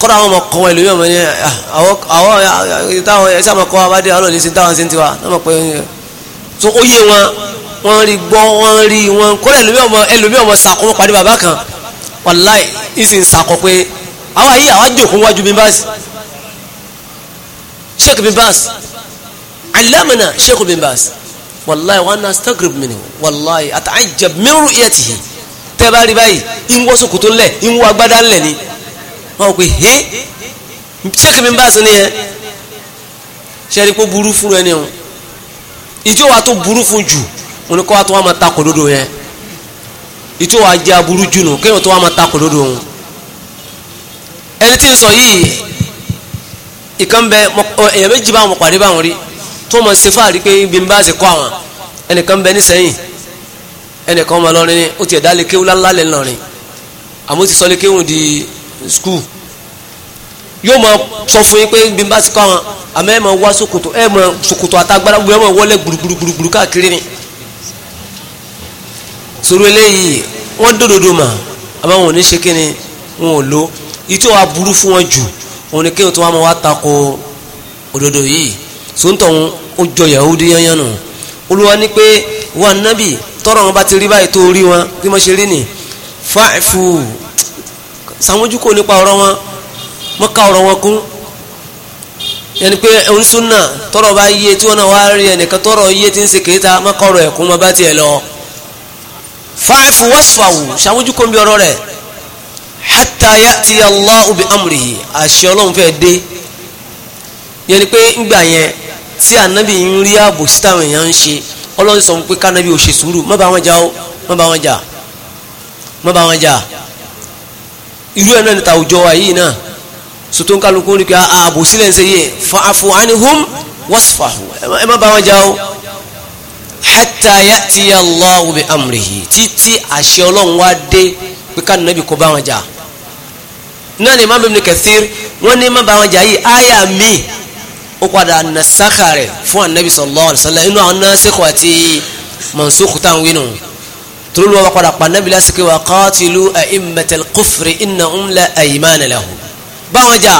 kọ́dà ah, àwọn ọmọkọ wọn ìlúyọ̀ mọ́ ní àwọn ìtàwọn ẹ̀sẹ̀ àmọ́kọ́ wa bá dé àwọn olùsìn táwọn sí tiwa náà mọ̀ pé tó ó yé wọn wọ́n rí gbọ́ wọ́n rí wọn kọ́dà ẹlòmí ọmọ sàkó wọn pàdé bàbá kan wàláì ìsì ń sàkó pé àwa yìí àwa jòkó wájú bí bá sheikh bin bas alamana sheikh bin bas wàláì wọn náà stagrib mi ni wàláì àtàjẹ mẹ́rù ìyàtìhì tẹ́ bá rí báyìí ìwọ́sọ̀kòtò ńlẹ̀ ìwọ́ agbádá ńlẹ̀ ni wọn kò he ṣéèkì mi bá sùn nìyẹn ṣẹ́ni kó burú fún ẹni o ìjọ wa tó burú fún jù wọn ni kó wa tó wa máa ta kòdodo yẹn ìjọ wa jẹ́ aburú jù nù kéwọn tó wa máa ta kòdodo wọn ẹni tí ń sọ yìí ìkan bẹ èèyàn méjì bá wọn pàdé báwọn rí tó mọ sí fáàrí pé ibi ń bá sì kọ àwọn ẹnìkan bẹ nísẹyìn ẹnìkan ọmọ lọrin ó ti ẹ̀dá lè kéwú lálẹ́ lọrin àmọ́ ó ti sọ lè kéwú di skul yóò máa sọ fún yín pé bí n bá ti kọ́ àwọn àmọ́ ẹ máa wá ṣòkòtò ẹ máa ṣòkòtò àtagbára gbogbo ẹ máa wọlé gbùrùgbùrùgbùrù káàkiri ni sọ̀rọ̀ eléyìí wọ́n dòdòdò mà àmọ́ wọn ò ní ṣe kí ni wọn ò lo ìtí wàá burú fún wọn jù òun ni kí wọn tó wá máa wá tako òdodo yìí sóńtọ̀ ń ó jọ Yahudi yányán nù olúwa ni pé wà nábì tọrọ wọn bá ti rí báyìí tó rí wọn bí wọn ṣe rí ni fáìfù sàmójúkò nípa ọ̀rọ̀ wọn mọ́ ká ọ̀rọ̀ wọn kún yẹni pé onísúnà tọrọ bá yé tí wọn náà wá rí ẹnìkan tọrọ yé tí ń ṣe kéta mọ́ ká ọ̀rọ̀ ẹ̀kún mọ́ bá tiẹ̀ lọ. fáìfù wọ́sfàwù ṣàmójúkọ́ bí ọ̀rọ̀ rẹ̀ hatta ya'ti Allahu bi amrihi àṣẹ ọlọ́run fẹ́ dé yẹni pé ńgbà yẹn tí ànábì ń rí ààbò sí táwọn èèyàn ń ṣe ọlọ́run sọ pé kánábì ò ṣe sùúrù má bá wọn jà ó má bá wọn jà má bá wọn jà irú ẹ̀ náà níta àwùjọ wa yìí náà so tó ń kálukú ní kí ààbò ah, sílẹ̀ ń ṣe yẹ fa'fu anhum wasfahu ẹ má bá wọn jà o hatta ya'tiya Allahu bi amrihi títí àṣẹ ọlọ́run wá dé pé ká nàbì kó bá wọn jà náà ni Imam Ibn Kathir wọ́n ní má bá wọn jà yìí áyà mi ó padà nasakha rẹ̀ fún anabi sallallahu alaihi inú àwọn nasikh àti mansukh táwọn wí nù tolóluwa padà pa anabi lásìkò wa qatilu a'immatal kufri innahum la aymana lahum báwọn jà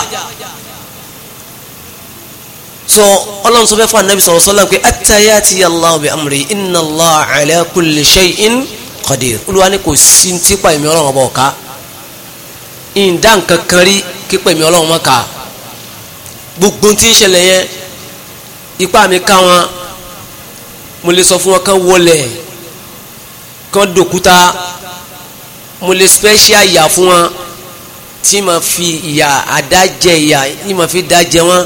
so ọlọ́run sọ fẹ́ fún anabi sọ̀rọ̀ sọ́lá pé atayá ti yà allah bi amri inna allah ala kulli shay'in qadir olúwa ni kò sí ti pa èmi ọlọ́run ọba ọ̀ka ìdá nǹkan kan rí kípa èmi ọlọ́run mọ́ ká gbogbo tí ń ṣẹlẹ̀ yẹn ipá mi ká wọn mo lè sọ fún wọn kán wọlé kán dòkúta mo lè special yà fún wọn tí ma fi ìyà àdájẹ ìyà yìí ma fi dájẹ wọn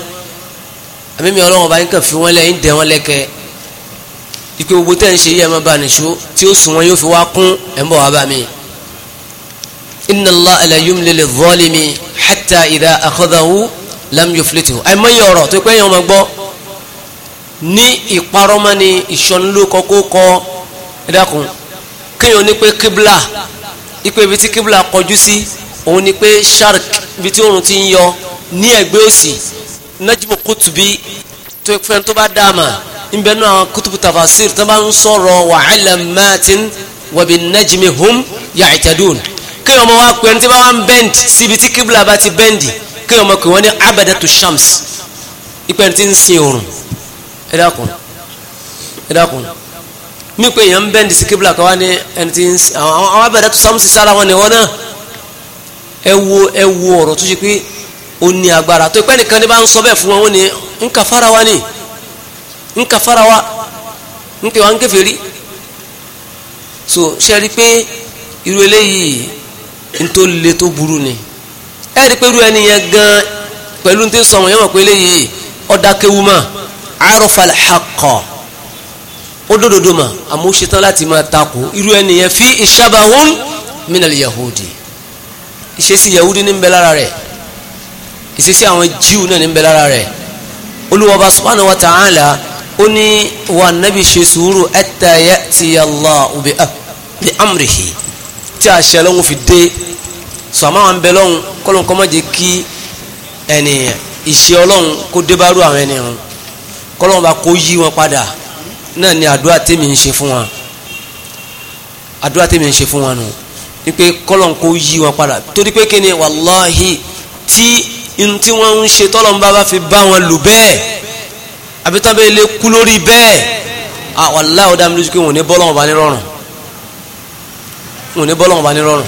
àmìmí ọlọ́wọ́n bá yín kàn fi wọ́n lẹ̀ ń dẹ̀ wọ́n lẹ́kẹ́ ike gbogbo tẹ́ ń ṣe yìí ẹ̀ má ba nìṣó tí ó sùn wọn yóò fi wá kún ẹ̀ ń bọ̀ wá bá mi. inna Allah la yumli lidh-dhalimi hatta idha akhadhahu lam àìmọye ọ̀rọ̀ tó pẹ́ yẹn wọn gbọ́ ní ìparọ́mọ́ ni ìṣọ́nulókọ́ kó kọ́ ẹ̀dá kun kéèyàn ní pé kíbla ipe ibi tí kíbla kọjú sí. Si òun ni pé shark ibi tí oòrùn ti ń yọ ní ẹ̀gbẹ́ òsì nájìbò kùtùbí tó fẹ́ tó bá dáàmà níbẹ̀ náà àwọn kùtùbù tafasir tó bá ń sọ̀rọ̀ wa alamatin wa bin najmi hum ya'tadun kéèyàn ọmọ wa pè ní tí bá wà ń bend síbi tí kíbla bá ti bẹ́ndì kéèyàn ọmọ pè wọ́n ní abadatu shams ìpẹ́ ti ń sin oòrùn ẹ dákun ẹ dákun mí pé èèyàn ń bẹ́ndì sí kíbla kan wá ní ẹni tí ń sin àwọn abadatu shams sára wọn ni wọn náà ẹ wo ẹ wo ọ̀rọ̀ tó ṣe pé ó ní agbára tó pẹ́ nìkan ní bá ń sọ bẹ́ẹ̀ fún wọn ó ní ń fara wa ni ń ka fara wa ń tẹ wa ń kèfèrí so ṣe rí i pé irú eléyìí ń tó le tó burú ni ẹ rí i pé irú ẹni yẹn gan pẹ̀lú ń tẹ́ sọ wọn yẹn wọ̀ pé eléyìí ọ̀dà kéwu mọ́ àròfà haqqa ó dòdòdò mà àmọ́ ṣetán láti máa takò irú ẹni yẹn fi ìṣàbàhún minal yahudi ìṣesí yahudi ní ń bẹ lára rẹ̀ ìṣesí àwọn jíù náà ní ń bẹ lára rẹ̀ olùwọba subhanahu wa ta'ala ó ní wa nabi ṣe sùúrù hatta ya'tiya Allahu bi amrihi tí a ṣe lọ́hùn fi dé sọ̀mọ́ àwọn bẹ lọ́hùn kọ́lọ́n kọ́ mọ́ jẹ́ kí ẹni ìṣe ọlọ́hùn kó débárú àwọn ẹni ọ̀hún kọ́lọ́n bá kó yí wọn padà náà ni àdúrà tèmi ń ṣe fún wọn àdúrà tèmi ń ṣe fún wọn nù. No wípé kọ́lọ̀ kó yí wọn padà torí pé kí ni wàláhì tí n tí wọ́n ń ṣe tọ́lọ̀ ń bá bá fi bá wọn lù bẹ́ẹ̀ àbí bẹ́ẹ̀ lè kú lórí bẹ́ẹ̀ wàláhì ó dá mi lójú pé wọn ò ní bọ́lọ̀ wọn bá ní rọrùn wọn ò ní bọ́lọ̀ wọn bá ní rọrùn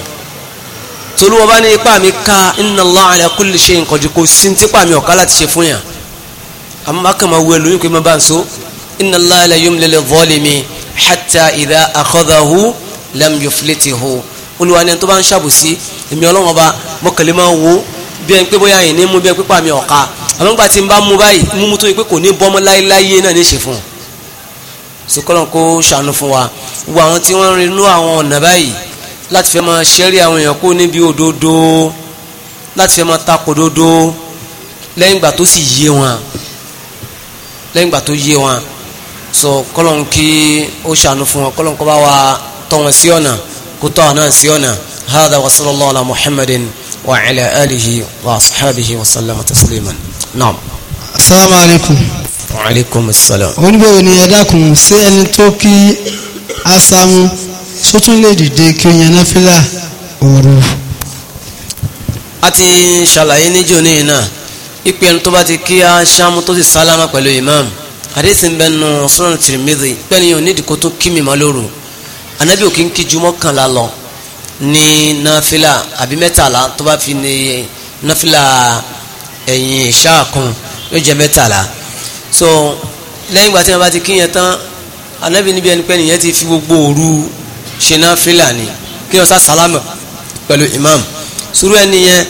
tolúwọ́ bá ní ipá mi ká inna Allah ala kulli shay'in qadir kò sí ti pa mi ọ̀ká láti ṣe fún yàn àmọ́ bá kàn máa wú ẹlòmíì pé mo bá ń so inna Allah la yumli lil zalimi hatta idha akhadhahu lam yuflithu olúwa ni ẹni tó bá ń ṣàbòsí èmi ọlọ́wọ́n ọba mọ̀kànlẹ́ máa ń wo bí ẹni pé bóyá yìí ní mú bí ẹni pípa mi ọ̀ka àwọn ìgbà tí n bá mú báyìí mú mú tó yẹ pé kò ní bọ́mọ láéláyé náà ní í ṣe fún un sokolo kó ṣàánú fún wa wo àwọn tí wọ́n rinú àwọn ọ̀nà báyìí láti fẹ́ máa ṣẹ́rí àwọn èèyàn kó níbi òdodo láti fẹ́ máa takò dodo lẹ́yìn ìgbà tó sì yé wọn lẹ́yìn ìgbà tó yé wọn so kọ́lọ́n kí ó ṣàánú fún wọn kọ́lọ́n kó bá wa tọ́ wọn sí ọ̀nà kó tọ́ àná sí ọ̀nà hada wa sallallahu ala muhammadin wa ala alihi wa ashabihi wa sallama tasliman naam. asalaamu alaykum. wa aleykum salaam. oníbẹ̀wò ni ẹ dákun ṣé ẹni tó kí asamu sótún lè dìde kí o yan náfìlà òru. a ti ṣàlàyé níjọ́ ní iná ipe ẹni tó bá ti kí aṣáámú tó sì sálámà pẹ̀lú imam àdéhùn bẹ́ẹ̀ nù Sunan Tirmidhi pẹ́ẹ́ni yóò nídìí kó tó kí mi má lóru anabi òkè ń kíjú mọ́kànlá lọ ní náfìlà àbí mẹ́tàlá tó bá fi ní náfìlà ẹ̀yìn ìṣáàkùn yóò jẹ́ mẹ́tàlá so lẹ́yìn ìgbà tí wọn bá ti kíyàn tán anabi níbi ẹni pẹ́ nìyẹn ti fi gbogbo òru ṣe náfìlà ni kí wọn sá sálámà pẹ̀lú imam sùúrù ẹni yẹn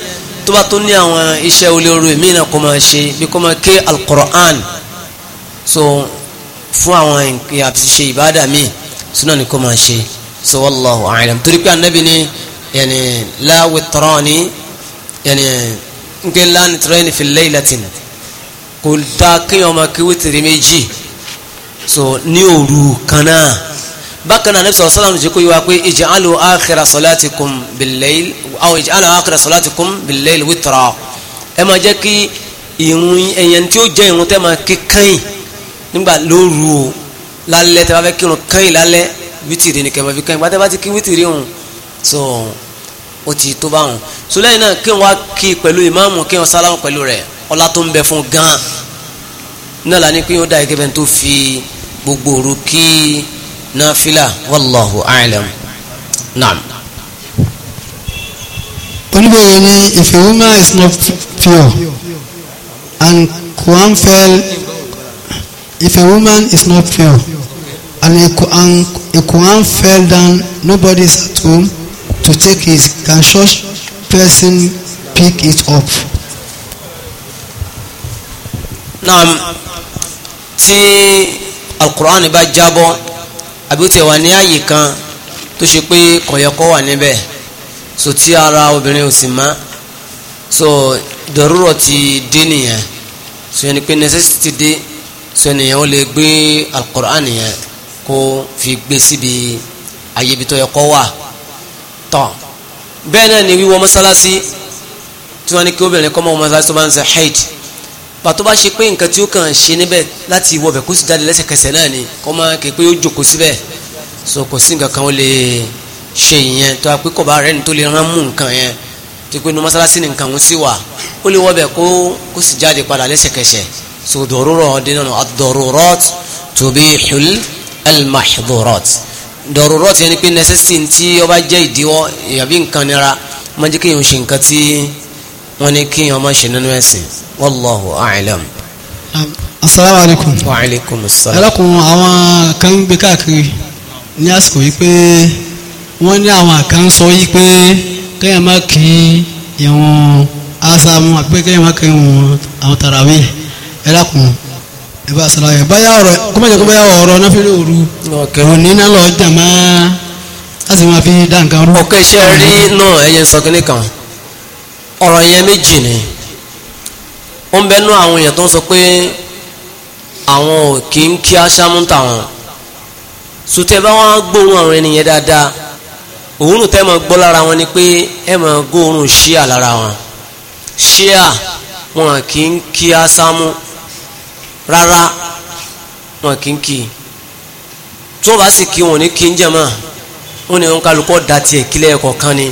tó bá tó ní àwọn iṣẹ́ olóró èmi náà kò máa ṣe bí kò máa ké al-Qur'an so fún àwọn nǹkan àti míì súnà ni kò máa ṣe so wallahu a'lam torí pé anabi ni yẹni láwì tọrọ ni yẹni nke láni tọrọ ni fi laylatin kò dá kéèyàn máa kí wítìrì méjì so ní òru kan náà bákan náà anabi sọ̀rọ̀ sọ́lá ọ̀nà jẹ́ kó yẹ wá pé ij'alu akhira salatikum bil-layl aw ij'alu akhira salatikum bil-layl witra ẹ máa jẹ́ kí ìrun ẹ̀yẹn tí ó jẹ́ ìrun tẹ́ máa kí kẹ́yìn nígbà lóru o lálẹ́ tẹ́ bá fẹ́ kírun kẹ́yìn lálẹ́ wítìrì ni kẹ́mọ́ fi kẹ́yìn gbàtẹ́ bá ti kí wítìrì hùn so ó ti tó bá hùn so lẹ́yìn náà kí wọ́n á kí pẹ̀lú ìmáàmù kí wọ́n sálámù pẹ̀lú rẹ̀ ọlá tó ń bẹ fún gan náà lání pé ó dá ẹgẹ́ bẹ́ẹ̀ tó fi gbogbo òru kí náfìlà wallahu a'lam naam. oníbẹ̀rẹ̀ ni if a woman is not pure and Quran fell if a woman is not pure and a Quran, a Quran fell down, nobody's at home to take it. Can such person pick it up? Naam, tí Al-Quran bá jábọ́, àbí ó ti wà ní àyè kan tó ṣe pé kọ̀yọ̀kọ̀ wà níbẹ̀, so tí ara obìnrin ò sì mọ́, so dọ̀rúrọ̀ ti dé nìyẹn, so yẹn ni pé necessity dé, so yẹn nìyẹn ó lè gbé Al-Quran yẹn kó fi gbé síbi àyè ibi tó yẹ kó wà tọ̀ bẹ́ẹ̀ náà ni wíwọ mọ́sálásí tí wọ́n ní kí obìnrin kọ́ mọ́ mọ́sálásí tó bá ń ṣe haid pàtó bá ṣe pé nǹkan tí ó kàn ṣe níbẹ̀ láti wọ bẹ̀ kó sì jáde lẹ́sẹ̀kẹsẹ̀ náà ni kọ́ máa kí pé ó jòkó síbẹ̀ so kò sí nǹkan kan ó lè ṣe ìyẹn tó a pé kọ̀ọ̀bá rẹ̀ ní tó lè rán mú nǹkan yẹn tó pé inú mọ́sálásí ni nǹkan ń sì wà ó lè wọ bẹ̀ kó kó sì jáde padà lẹ́sẹ̀kẹsẹ̀ so dọ̀rọ̀rọ̀ dínà ad-darurat tubihul al-mahdhurat dọ̀rọ̀rọ̀ ti yẹn ni pé necessity tí ó bá jẹ́ ìdíwọ́ àbí nǹkan nira má jẹ́ kéèyàn ṣe nǹkan tí wọ́n ní kéèyàn má ṣe nínú ẹ̀sìn wallahu a'lam. asalaamualeykum. wa salaam. ẹlẹ́kùn àwọn kan gbé káàkiri ní àsìkò yìí pé wọ́n ní àwọn kan sọ yìí pé kéèyàn má kí ìwọ̀n asámu àbí kéèyàn má kí ìwọ̀n àwọn tàràwí ẹlẹ́kùn ìbá sọ̀rọ̀ ayọ̀ báyà ọ̀rọ̀ kọ́mọ̀ jẹ́ kó báyà òru òní náà lọ jà a sì máa fi dá nǹkan rú. ọ̀kẹ́ iṣẹ́ rí náà ẹyẹ sọ kínní kan ọ̀rọ̀ yẹn méjì ni ó ń bẹnu àwọn èèyàn tó ń sọ pé àwọn ò kì í kí aṣáámú tàwọn sùtẹ́ bá wọn gbóhùn ọ̀rọ̀ ènìyàn dáadáa òórùn tẹ́ mọ̀ gbọ́ lára wọn ni pé ẹ mọ̀ gbóhùn ṣíà lára wọn ṣíà wọn kì í kí aṣáámú rárá wọn kì í kì í tí wọn bá sì kí wọn ní kí ń jẹmọ wọn ni wọn kálukọ da tiẹ̀ kílẹ ẹkọ kan ni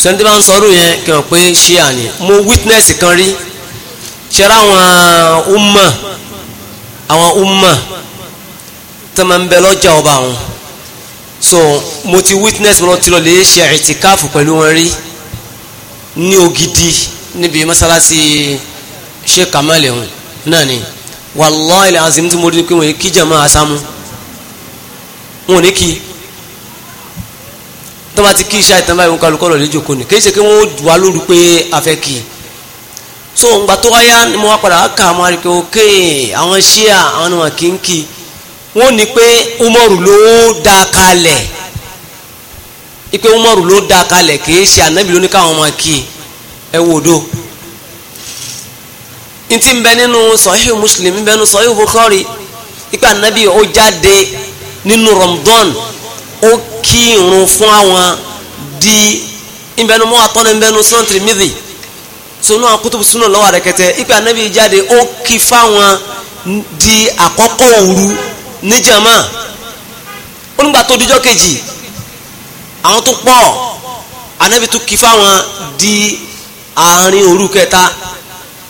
sọyìndé bá ń sọ yẹn kí wọn pé ṣé àní mo witness kan rí ṣẹlẹ àwọn umma àwọn umma tó máa ń bẹ lọ́jà ọba àwọn so mo ti witness wọn ti lọ lè ṣe ìtìkáàfù pẹ̀lú wọn rí ní ògidì níbi mọ́sálásí ṣé kàmáàlì ọ̀hún náà ni wallahi ilẹ̀ azim tí mo rí pé wọ́n yìí kí jama asámú wọn ò ní kí tó bá ti kí iṣẹ́ àìtàn báyìí wọn kálukọ́ lọ lè jókòó ni kì ṣe pé wọ́n wá lóru pé a fẹ́ kí so ngbà tó wáyá ni mo wá padà wá kà á mo rí pé àwọn ṣíà àwọn ni wọn kì í kí wọn ní pé umaru ló dá kalẹ̀ ipe umaru ló dá kalẹ̀ kì í ṣe anabi ló ní káwọn máa kí ẹ wò ó dó ntí ń bẹ nínú sọ̀híhù muslim ń bẹ nínú sọ̀híhù bukhari ipa nabi ó jáde nínú ramadan ó kírun fún àwọn di ń bẹ nínú mọ́ àtọ́nà ń bẹ nínú sunan tirimidi sunu àwọn kutubu sunu lọ́wọ́ rẹ̀kẹ̀tẹ̀ ipa nabi jáde ó kí fáwọn di àkọ́kọ́ òru níjàmá onígbà tó dijọ́ kejì àwọn tó pọ̀ anabi tó kí fáwọn di àárín òru kẹta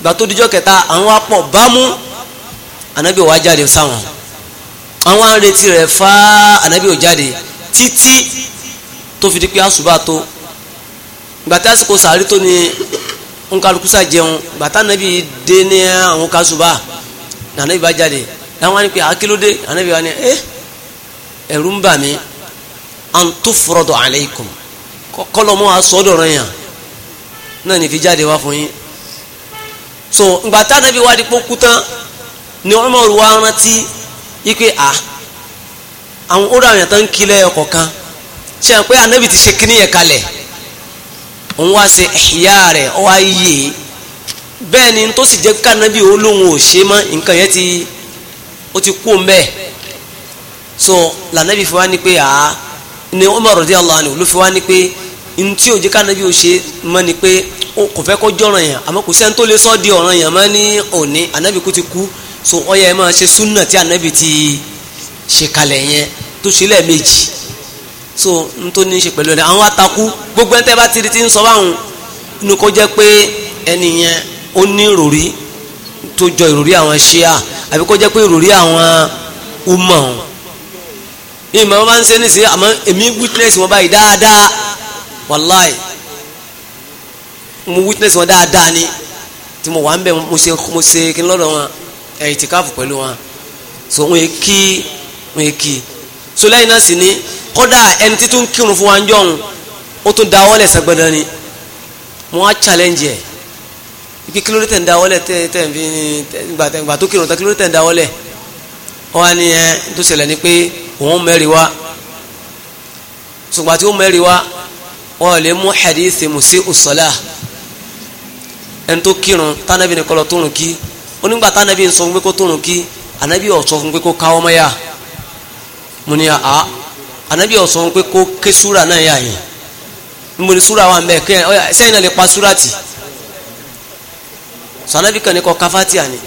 gbà tó dijọ́ kẹta àwọn apọ̀ bámú anabi wa jáde sáwọn àwọn à ń retí rẹ̀ fá anabi ò jáde títí tó fi di pé àṣùbà tó gbàtà àsìkò sàárì tó ní nkalukusa jẹun gbàtà anabi dé ní àwọn kásùbà anabi bá jáde làwọn á ní pé akílódé anabi wa ní ẹ eh, ẹ̀rù ń bà mí antufurọdọ aleikum kọlọmọ asọdọrọ yẹn náà ní jáde wá fún yín so ìgbà tá nàbí wá di pọ́nkú tán ni Umar wá rántí yípe à àwọn ó dàwọn yàtọ̀ ń kílẹ̀ ọkọ̀ kan ṣe àpé ànábì ti ṣe kíní yẹn kalẹ̀ òun wá ṣe rẹ̀ wá yé e. ni tó sì jẹ́ olóhùn ò ṣe mọ́ nǹkan yẹn ti ó ti kú mbẹ́ so fi wá ní pé àá ni fi wá ní pé ntí ò ṣe mọ́ ni pé kò fẹ́ kó jọ̀ràn yàn àmọ́ kò sẹ́ni tó lè sọ́ di ọ̀ràn yàn máa ní òní ànábì kú ti kú so ó yẹ máa ṣe súnà tí ànábì ti ṣe kalẹ̀ yẹn tó ṣe lẹ́ẹ̀mejì so n tó ní í ṣe pẹ̀lú ẹni àwọn atakú gbogbo ẹni tẹ́ bá ti di ti ń sọ báwọn inú kó jẹ́ pé ẹni yẹn ó ní ìròrí tó jọ ìròrí àwọn ṣíà àbí kó jẹ́ pé ìròrí àwọn umọ̀ ọ̀hún ìmọ̀ bá ń ṣe níṣẹ́ àmọ́ èmi witness wọn báyìí dáadáa wàláì mo witness wọn dáadáa ni tí mo wà ń bẹ mo ṣe mo ṣe kí n lọ́dọ̀ wọn ẹ̀yìn tí káàfù pẹ̀lú wọn so wọn yẹ kí wọn yẹ kí so lẹ́yìn náà sì ni kódà ẹni tí tún kírun fún wa ń jọ̀hún ó tún da ọwọ́ lẹ̀ ni mo wá challenge ẹ̀ ibi kí ló dé tẹ̀ ń da ọwọ́ lẹ̀ tẹ̀ tẹ̀ ń fi gbà tó kírun tán kí ló dé tẹ̀ ń da ọwọ́ lẹ̀ wọn á ní tó ṣẹlẹ̀ ni pé òun mẹ́rin wá ṣùgbọ́n àti ó mẹ́rin wá wọn ò lè mú hadith musi ussalah ẹni tó kírun tánàbí ni kọlọ tóorùn kí onígbà tánàbí ń sọ fún pé kó tóorùn kí ànábì ó sọ fún pé kó káwọ́ mọ́yà mo ní àá ànábì ó sọ fún pé kó ké súra náà yà yìí mo ní súra wà mẹ́ẹ̀ kẹ́ ọ sẹ́yìn náà lè pa súra tì sọ ànábì kan ní kọ káfátìà ni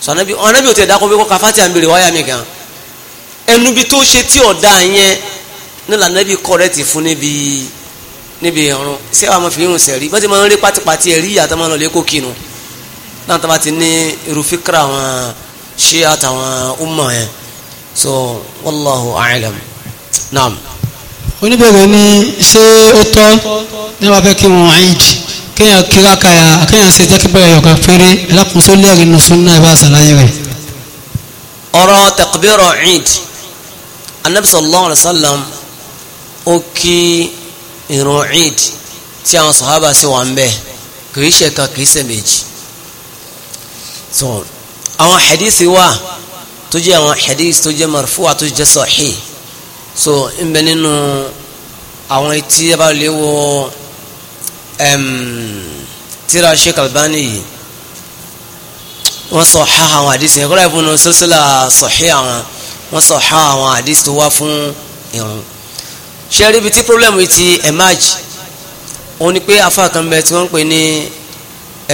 sọ ànábì ànábì ò tẹ̀ dákọ̀ pé kó káfátìà ń bèrè wáyà mi gan ẹnu tó ṣe tí ọ̀dà yẹn ní níbi ìrún ṣé àwọn fi irun sẹ̀rí bọ́n ti máa ń rí pátípátí ẹ̀rí ìyàtọ̀ máa ń lọ lẹ́kọ̀ọ́ kinu náà tó bá ti ní irú fíkra àwọn ṣé àtàwọn umma yẹn so wallahu a'lam naam. oníbẹ̀rẹ̀ ni ṣé ó tọ́ ní wàá fẹ́ kí wọ́n àìjì kéèyàn kíra kaya kéèyàn ṣe jẹ́ kí bẹ́ẹ̀ yọ̀ọ̀kan péré ẹlẹ́kùnso lẹ́ẹ̀rin nù sunna ẹ̀ bá ṣàlàyé rẹ̀. ọ̀rọ̀ takbiro eid anabi sallallahu ìrun eid tí àwọn sọ̀hábà sì wà ń bẹ̀ kìí ṣe kan kìí ṣe méjì so àwọn hadithi wà tó jẹ́ àwọn hadithi tó jẹ́ marfu wa tó jẹ́ sahih so ń bẹ nínú àwọn etí ẹ bá lè wo tíra Sheikh Albani yìí wọ́n sahha àwọn hadithi yẹn kọ́lá ìfúnnu silsila sahih àwọn wọ́n sahha àwọn hadithi tó wá fún ìrun ṣẹ́rí ibi tí problem ti emerge òun ni pé afa kan bẹ tí wọ́n ń pè ní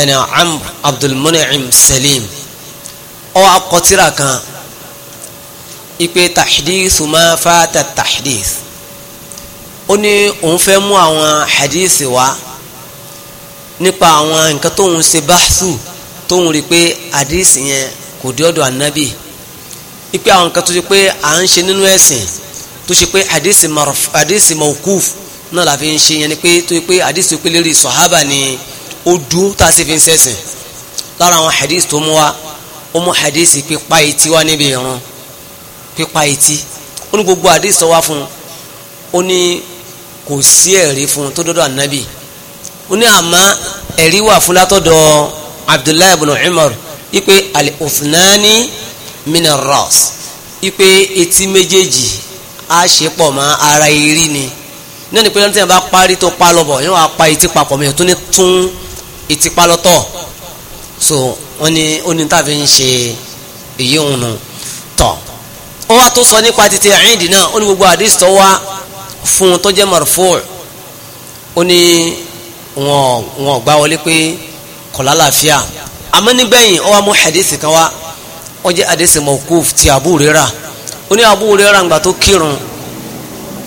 ẹnì amr abdulmuna'im salim ọ akọtira kan ipe tahdithu ma fata tahdith ó ní òun fẹ́ mú àwọn hadith wá nípa àwọn nǹkan tóun ṣe báṣu tóun rí pé hadith yẹn kò dé ọ̀dọ̀ ànábì ipe àwọn nǹkan tó ṣe pé à ń ṣe nínú ẹ̀sìn tó ṣe pé hadisi marf hadisi mawkuf náà la fi ń ṣe yẹn ni pé tó yẹ pé hadisi pé lérí sọ̀hábà ni ó dúró tá a sì fi ń sẹ̀sìn lára àwọn hadisi tó mú wa ó mú hadisi pípa etí wá níbi ìrun pípa etí ó ní gbogbo hadisi tó wá fún un ó ní kò sí ẹ̀rí fún un tó dọ́dọ̀ ànábì ó ní àmọ́ ẹ̀rí wà fún látọ̀dọ̀ abdullahi ibn umar ipe alifunani uthnani min ar ipe etí méjèèjì á ṣe pọ̀ mọ́ ara eré ni náà ni pé lọ́nà tí wọ́n bá parí tó pa lọ́bọ̀ yóò wá pa etí papọ̀ mi tó ní tún etí pa so wọ́n ní oní tàbí ń ṣe èyí òun nù tọ̀ wọ́n wá tó sọ nípa títí ẹ̀ẹ́dì náà ó ní gbogbo àdìs tó wá fún tó jẹ́ marfu' ó ní wọn wọn gbá wọlé pé kọ̀lá làáfíà àmọ́ nígbẹ̀yìn ó wá mú hadith kan wá ó jẹ́ hadith mawquf ti Abu Hurairah ó ní Abu Hurairah ńgbà tó kírun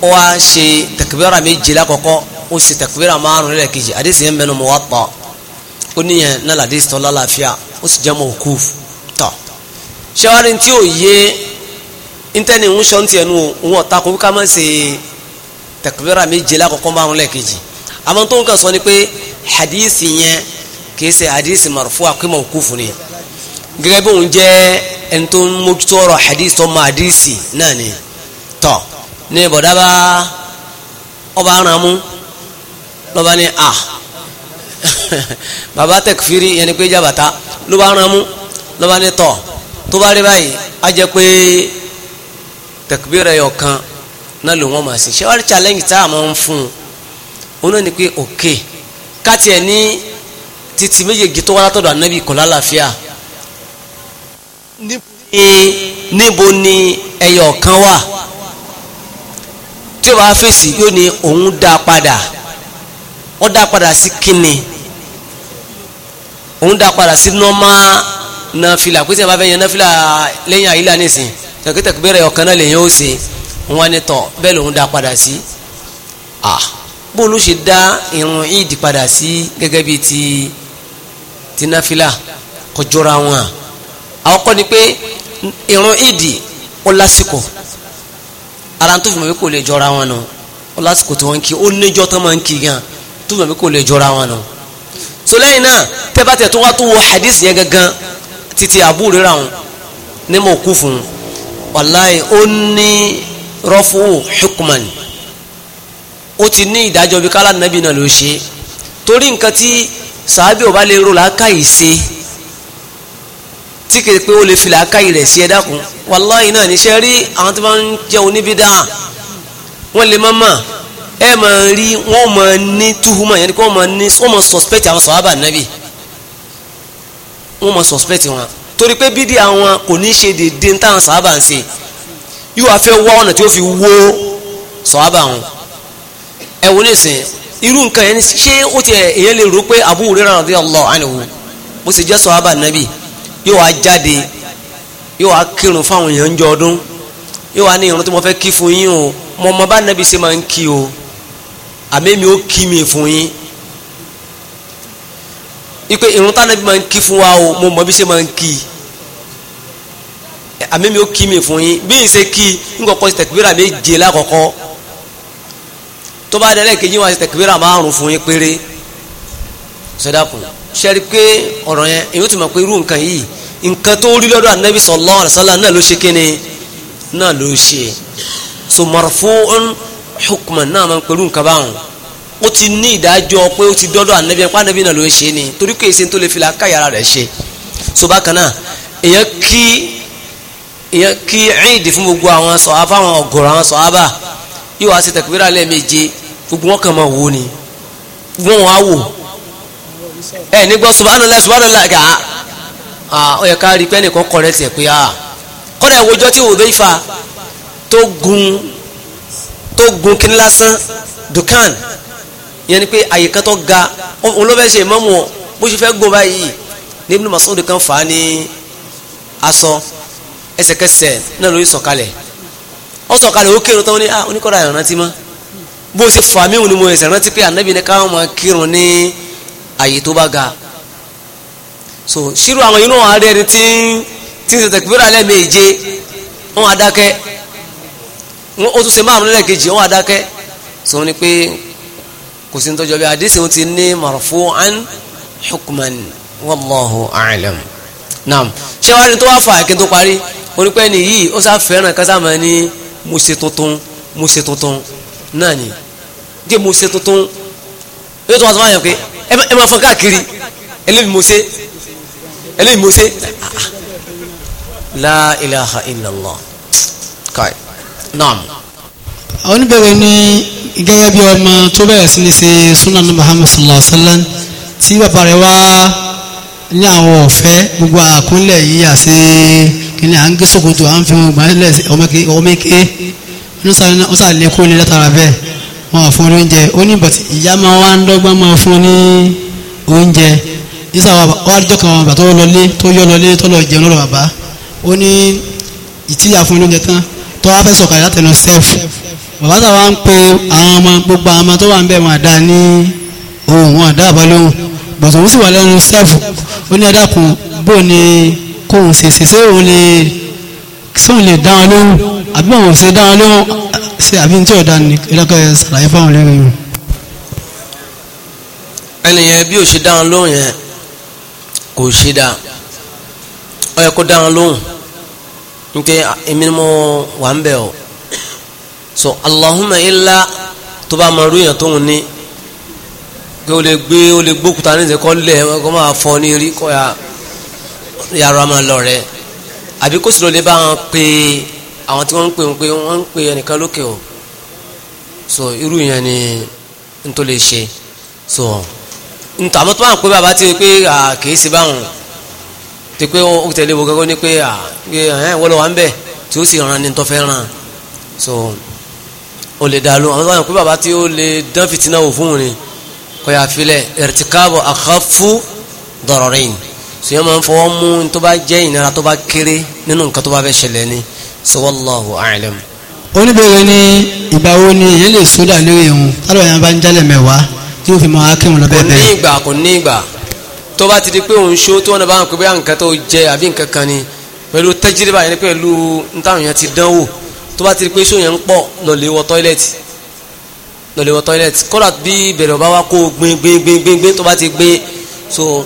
ó wá ṣe takbira méje lákọ̀ọ́kọ́ ó ṣe takbira márùn-ún lẹ́ẹ̀kejì àdìsí yẹn mẹ́nu Muwatta ó níyẹn náà làdìsí tọ́lá làáfíà ó sì jẹ́ mawquf tọ̀ ṣẹ́wárí tí ò yé ntẹni ń sọ ntẹ nu ń ọta kó ká má ṣe takbira méje lákòókò márùn lẹ́ẹ̀kejì àmọ́ tó ń kà sọ ni pé hadisi yẹn kì í ṣe hadisi marfu' àkó mawquf ni gẹ́gẹ́ bí òun jẹ́ ẹni tó ń mójútó ọ̀rọ̀ hadith ọmọ hadisi náà ni tọ́ ní bọ̀dá ọba ara mú lọ́ba a baba tẹkifiri yẹn ni pé jabata ló bá ara mú lọ́ba ní tọ́ tó bá rí báyìí á jẹ́ pé tẹkibira yọ kan náà ló wọ́n máa ṣe ṣé challenge tá a máa ń fún un òun náà ni pé òkè káti ẹ̀ ní títí méjèèjì tó wá látọ̀dọ̀ ànábì kò lálàáfíà níbo ni ẹyọ kan wà tí o bá fèsì yóò ní òun dá padà ó dá padà sí kíni òun dá padà sí nọ́mà nàfìlà pé sèǹbà fẹ́ yan nàfìlà lẹ́yìn àyílà nìsín tẹ̀kítẹ̀kí bẹ̀rẹ̀ ọ̀kan náà lèyìn ó ṣe wọn ni tọ̀ bẹ́ẹ̀ lòun dá padà sí ah bó ló ṣe dá irun ìdí padà sí gẹ́gẹ́ bíi ti ti nàfìlà kọjọ́ra wọn àkọ́kọ́ ni pé ìrun ìdì ó lásìkò ara tó fi mọ̀ pé kò lè jọra wọn nù ó lásìkò tí wọ́n ń kí ó níjọ́ tó máa ń kí gan tó fi mọ̀ pé kò lè jọra wọn nù. so lẹ́yìn náà tẹ́ bá tẹ̀ tó wá tó wọ hadith yẹn gangan títí Abu Huraira wọn ní mò kú fún un wàláyé ó ní rọ́fù hukman ó ti ní ìdájọ́ bí kálá nàbì náà ló ṣe torí nǹkan tí sàábì ò bá lè rò lákàyè ṣe tí kìí pé ó lè fi làákàyè rẹ̀ sí ẹ̀dá kun wàláhì náà níṣẹ́ rí àwọn tó bá ń jẹ́ oníbídà wọ́n lè máa mà ẹ máa rí wọ́n máa ní túhùmọ̀ yẹn ni kò máa ní wọ́n máa suspect àwọn sọ̀hábà nàbì wọ́n máa suspect wọn torí pé bídí àwọn kò ní ṣe dédé ń táwọn sọ̀hábà ń ṣe yóò wá fẹ́ wá ọ̀nà tí ó fi wó sọ̀hábà wọn ẹ wo ní sìn irú nǹkan yẹn ṣé ó ti èèyàn lè rò pé Abu Hurairah radiyallahu anhu bó ṣe jẹ́ sọ̀hábà nàbì yóò wá jáde yóò wá kírun fáwọn èèyàn ń jọ ọdún yóò wá ní irun tí mo fẹ́ kí fún yín o mo mọ bá nàbí ṣe máa ń kí o àmẹ́mi ó kí mi fún yín ipe irun tánàbí máa ń kí fún wa o mo mọ bí ṣe máa ń kí àmẹ́mi ó kí mi fún yín bí n ṣe kí n kọ́kọ́ ṣe tẹ̀kíbírà méje lákọ̀ọ́kọ́ tó bá dẹ́lẹ́kejì wọn ṣe tẹ̀kíbírà márùn fún yín péré sọdá kùnà sẹ́ri pé ọ̀rọ̀ yẹn èyí ó ti mọ̀ pé irú nǹkan yìí nǹkan tó rí lọ́dọ̀ anabi sallallahu alaihi wasallam náà ló ṣe kíni náà ló ṣe so marfu'un hukman náà máa ń pẹ̀lú nǹkan báwọn ó ti ní ìdájọ́ pé ó ti dọ́dọ̀ anabi yẹn pé anabi náà ló ṣe ni torí kò èsì tó lè fi la káyàrá rẹ̀ ṣe so bákan náà èyàn kí èyàn kí ẹ̀ẹ́dì fún gbogbo àwọn sọ̀hábà àwọn ọ̀gọ̀rọ̀ àwọn sọ̀hábà yóò wá sí tẹ̀kùbírà lẹ́ẹ̀méje gbogbo wọn kàn máa wò ni gbogbo wọn á wò ẹ ní gbọ́ subhanallah subhanallah gà á ó yẹ ká rí pé ẹnìkan kọ̀ rẹ̀ tiẹ̀ pé á kọ́dà ìwòjọ́ tí Hudhayfa tó gun tó gun kí lásán dukan yẹn ni pé àyè kan tó ga òun ló fẹ́ ṣe ìmọ̀mù ọ bó ṣe fẹ́ gun báyìí ní Ibn Mas'ud kan fà á ní aṣọ ẹsẹ̀kẹsẹ̀ náà lórí sọ̀kalẹ̀ ọ sọ̀kalẹ̀ ó kírun tán ní oníkọ́dà ah, ìrántí mọ́ bó ṣe fà mí òun ni mo ẹsẹ̀ rántí pé ànábì ní káwọn máa kírun ní àyè tó bá ga so ṣírò àwọn inú wọn adé ẹni tí tí ń ṣe tẹkbírà lẹ́ẹ̀méje wọn adákẹ́ ó tún ṣe márùn lẹ́ẹ̀kejì wọn adákẹ́ so wọn ni pé kò sí nítọ́jọ́ bí hadisi wọn ti ní marfu'an hukman wallahu a'lam naam ṣé wàá ní tó wá fà kí n tó parí wọn ni pé ẹni yìí ó sá fẹ́ràn kásámà ní mo ṣe tuntun mo ṣe tuntun náà ni díẹ̀ mo ṣe tuntun yóò tún wá sọ fún àyàn ẹ máa fọn káàkiri eléyìí mo ṣe eléyìí mo ṣe la ilaha illallah kai naam. àwọn oníbẹ̀rẹ̀ ní gẹ́gẹ́ bí ọmọ tó bẹ̀rẹ̀ sí ní ṣe sunan muhammad sallallahu alaihi wa sallam tí bàbá rẹ̀ wá ní àwọn ọ̀fẹ́ gbogbo àkúnlẹ̀ yìí àti kìnìún à ń gé sòkòtò à ń fi wọn gbà ọmọ ike ọmọ ike wọn sàlékún ní látara bẹ́ẹ̀ wọn fún oúnjẹ ó ní bọ̀tí ìyá máa wá ń dọ́gbọ́n máa fún ní oúnjẹ nígbà wàá jọ kan bàbá tó lọlé tó yọ lọlé tó lọ jẹun lọ́rọ̀ bàbá ó ní ìtìyà fún oúnjẹ tán tó wá fẹ́ sọ̀kalẹ̀ látẹnu sef bàbá tó wá ń pe àwọn ọmọ gbogbo àwọn ọmọ tó wà ń bẹ̀ wọn àdá ní ohun wọn àdá àbálóhùn bọ̀tí òun sì wà lẹ́nu sef ó ní ẹ̀dá kan bó ni ṣèṣe ṣé òun lè dáhùn lóhùn àbí àwọn ṣe dáhùn lóhùn ṣe àbí tí ọ̀dà ni ẹlẹ́kọ̀ọ́ yẹn ṣàlàyé fáwọn lẹ́yìn yìí. ẹnìyẹn bí ò ṣe dáhùn lóhùn yẹn kò ṣe dá ọ yẹ kó dáhùn lóhùn n èmi ni mo wà ń bẹ̀ ọ́ so Allahumma illa tó bá máa ròyìn tó ń ní kí o lè gbé o lè gbókùtà níṣẹ́ kọ́ lẹ̀ kọ́ máa fọ́ ní rí kọ́ yàrá máa lọ rẹ̀ àbí kó sì lọ lè bá wọn pé àwọn tí wọ́n ń pè ń pè wọ́n ń pè ẹnìkan lókè o so irú yẹn ni n tó lè ṣe so ntọ́ àmọ́ tó bá ń pè bàbá tí o pé kìí ṣe báwọn ti pé ó tẹ̀lé wo gẹ́gẹ́ ni pé wọ́n lọ wà ń bẹ̀ tí ó sì ràn ní tó fẹ́ ràn so o lè dàlú àwọn tó bá ń pè bàbá tí o lè dán fìtínà wò fún un ni kọ́ya filẹ̀ ẹ̀rìtìkáàbọ̀ àkàfù dọ̀rọ̀rìn so yẹn máa ń fọwọ́ mú tó bá jẹ́ ìnira tó bá kéré nínú nǹkan tó bá fẹ́ ṣẹlẹ̀ ni so wallahu a'lam. oníbèrè ní ni èyí lè sódà lórí ìhun tálọ̀ yẹn bá ń jálẹ̀ mẹ́wàá tí ó fi máa kírun lọ bẹ́ẹ̀ bẹ́ẹ̀. kò ní ìgbà kò ní ìgbà tó bá ti di pé òun ṣó tó wọn bá ń pè bí nǹkan tó jẹ àbí nǹkan kan ni pẹ̀lú tẹ́jírìbà yẹn pẹ̀lú ntàwọn yẹn ti dánwò tó bá ti di pé ṣó ń pọ̀ lọ́lẹ̀ wọ wọ tọ́ílẹ̀tì kódà bí bẹ̀rẹ̀ ọba wa kó gbin gbin gbin gbin gbin tó bá ti gbin so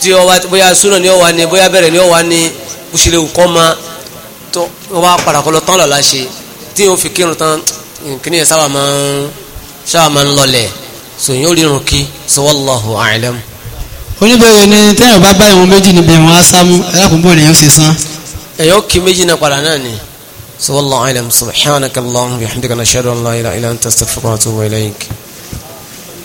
tí ọwa bóyá súnà ni ọwa ni bóyá bẹ̀rẹ̀ ni ọwa ni kùsìlẹ̀ òkọ́ ma tó wọ́n bá padà kọ́ lọ tán lọ́la ṣe tí wọ́n fi kírun tán kíní yẹn sábà máa ń sábà máa ń lọlẹ̀ sò ó rí kí sọ wallahu a'lam. oníbẹ̀rẹ̀ ni tẹ́yìn bá bá ìwọ̀n méjì níbi ìwọ̀n asámú ẹlẹ́kùnbó ni yóò ṣe san. ẹ̀yọ́ kí méjì náà padà náà ni sọ wallahu a'lam subhanakallahumma wa bihamdika nashhadu an wa atubu